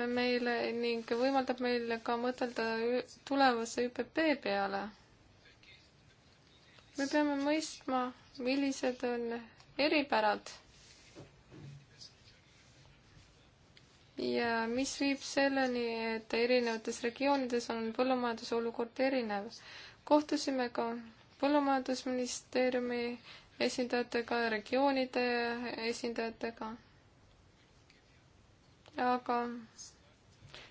meile ning võimaldab meil ka mõtelda tulevase ÜPP peale. me peame mõistma, millised on eripärad ja mis viib selleni, et erinevates regioonides on põllumajanduse olukord erinev. kohtusime ka põllumajandusministeeriumi esindajatega ja regioonide esindajatega aga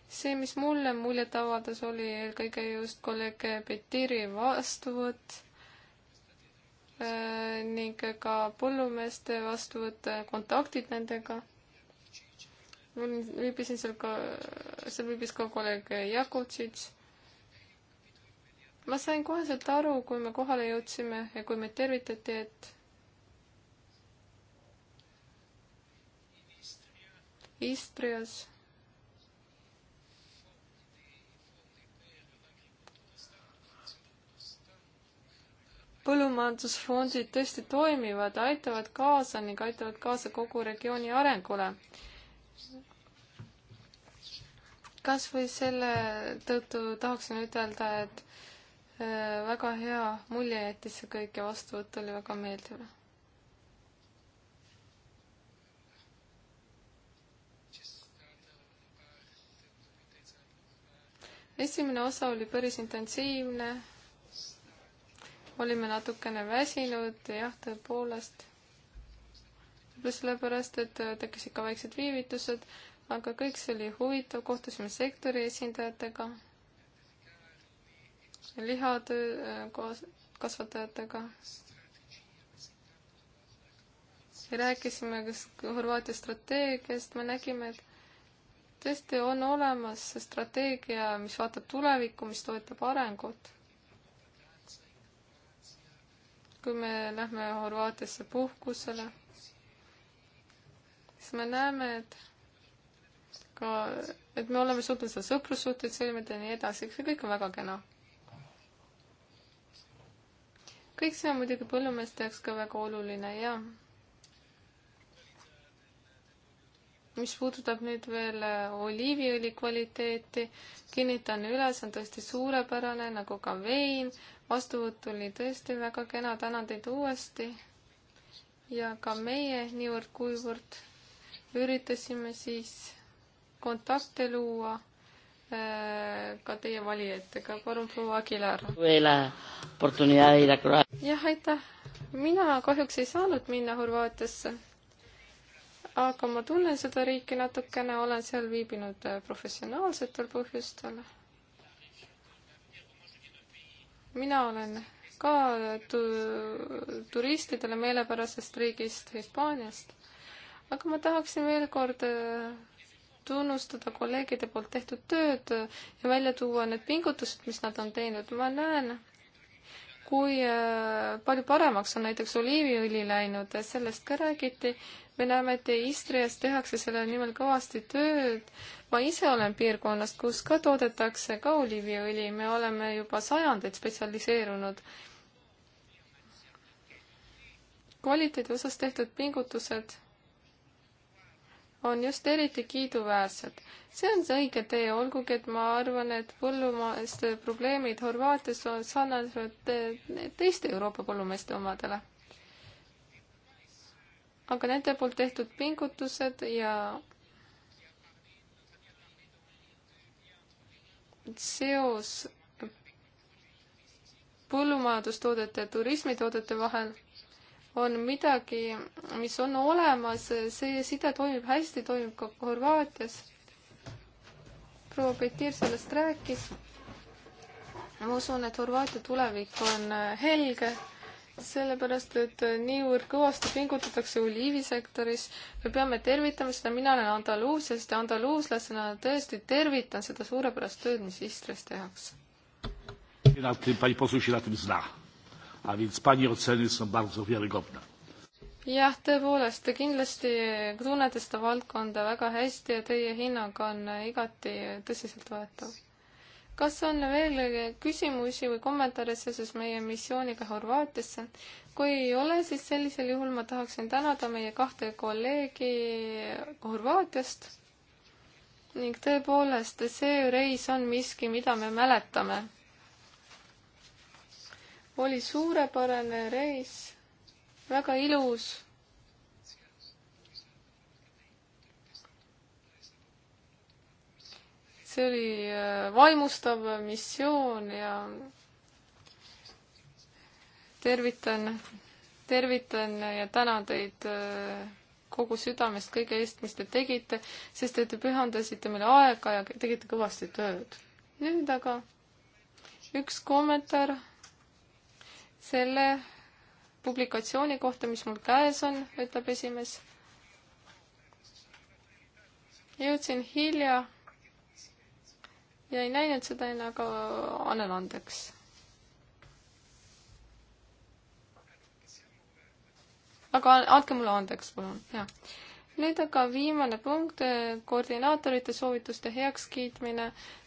see, mis mulle muljet avaldas, oli eelkõige just kolleeg Petiri vastuvõtt äh, ning ka põllumeeste vastuvõtt, äh, kontaktid nendega. viibisin seal ka, seal viibis ka kolleeg Jakovtšitš. ma sain koheselt aru, kui me kohale jõudsime ja kui meid tervitati, et Istrias põllumajandusfondid tõesti toimivad, aitavad kaasa ning aitavad kaasa kogu regiooni arengule. kas või selle tõttu tahaksin ütelda, et äh, väga hea mulje jättis see kõik ja vastuvõtt oli väga meeldiv esimene osa oli päris intensiivne, olime natukene väsinud, jah, tõepoolest. võib-olla sellepärast, et äh, tekkisid ka väiksed viivitused, aga kõik see oli huvitav, kohtusime sektori esindajatega, lihatöö äh, koos kasvatajatega ja rääkisime kas Horvaatia strateegiast, me nägime, et tõesti on olemas strateegia, mis vaatab tulevikku, mis toetab arengut. kui me lähme Horvaatiasse puhkusele, siis me näeme, et ka, et me oleme suutnud seda sõprussuhteid sõlmida ja nii edasi, eks see kõik on väga kena kõik see on muidugi põllumeeste jaoks ka väga oluline ja mis puudutab nüüd veel äh, oliiviõli kvaliteeti, kinnitan üle, see on tõesti suurepärane, nagu ka vein. vastuvõtt oli tõesti väga kena, tänan teid uuesti. ja ka meie niivõrd-kuivõrd üritasime siis kontakte luua äh, ka teie valijatega. palun, proua Aguilar. jah, aitäh. mina kahjuks ei saanud minna Horvaatiasse aga ma tunnen seda riiki natukene, olen seal viibinud äh, professionaalsetel põhjustel. mina olen ka äh, tu-, turistidele meelepärasest riigist, Hispaaniast, aga ma tahaksin veel kord äh, tunnustada kolleegide poolt tehtud tööd ja välja tuua need pingutused, mis nad on teinud, ma näen, kui palju paremaks on näiteks oliiviõli läinud, sellest ka räägiti me näeme, et Istrias tehakse selle nimel kõvasti tööd. ma ise olen piirkonnast, kus ka toodetakse ka oliiviõli, me oleme juba sajandeid spetsialiseerunud. kvaliteedi osas tehtud pingutused on just eriti kiiduväärsed. see on see õige tee, olgugi et ma arvan, et põllumeeste probleemid Horvaatias on sarnased eh, teiste Euroopa põllumeeste omadele aga nende poolt tehtud pingutused ja seos põllumajandustoodete ja turismitoodete vahel on midagi, mis on olemas, see side toimib hästi, toimib ka Horvaatias. proua Petir sellest rääkis. ma usun, et Horvaatia tulevik on helge sellepärast, et niivõrd kõvasti pingutatakse oliivisektoris. me peame tervitama seda, mina olen Andaluusiast ja andaluuslasena tõesti tervitan seda suurepärast tööd, mis Istres tehakse. jah, tõepoolest, te kindlasti tunnete seda valdkonda väga hästi ja teie hinnang on igati tõsiseltvõetav kas on veel küsimusi või kommentaare seoses meie missiooniga Horvaatiasse? kui ei ole, siis sellisel juhul ma tahaksin tänada meie kahte kolleegi Horvaatiast ning tõepoolest, see reis on miski, mida me mäletame. oli suurepärane reis, väga ilus see oli äh, vaimustav missioon ja tervitan, tervitan ja tänan teid äh, kogu südamest kõige eest, mis te tegite, sest et te pühendasite meile aega ja tegite kõvasti tööd. nüüd aga üks kommentaar selle publikatsiooni kohta, mis mul käes on, ütleb esimees. jõudsin hilja ja ei näinud seda enne, aga annan andeks. aga andke mulle andeks, palun, jah. nüüd aga viimane punkt, koordinaatorite soovituste heakskiitmine.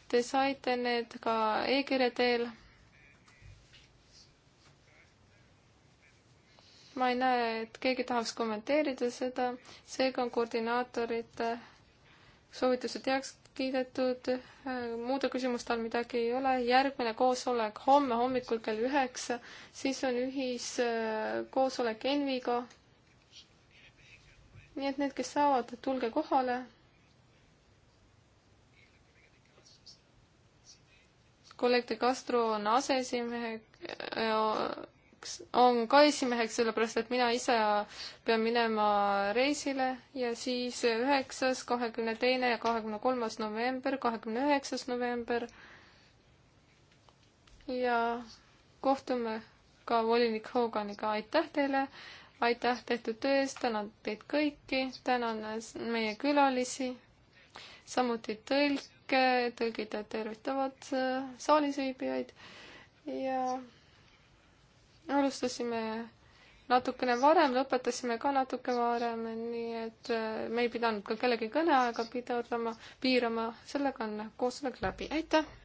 Te saite need ka e-kirja teel. ma ei näe, et keegi tahaks kommenteerida seda, seega on koordinaatorite soovitused heaks kiidetud, muude küsimuste all midagi ei ole, järgmine koosolek homme hommikul kell üheksa, siis on ühiskoosolek äh, Enviga. nii et need, kes saavad, tulge kohale. kolleeg De Castro on aseesimehe äh, esimeheks, on ka esimeheks, sellepärast et mina ise pean minema reisile ja siis üheksas, kahekümne teine ja kahekümne kolmas november, kahekümne üheksas november. ja kohtume ka volinik Hoganiga, aitäh teile, aitäh tehtud töö eest, tänan teid kõiki, tänan meie külalisi, samuti tõlke, tõlgid tervitavad äh, saalis viibijaid ja alustasime natukene varem, lõpetasime ka natuke varem, nii et äh, me ei pidanud ka kellegi kõneaega pidama, piirama, sellega on koosolek läbi, aitäh!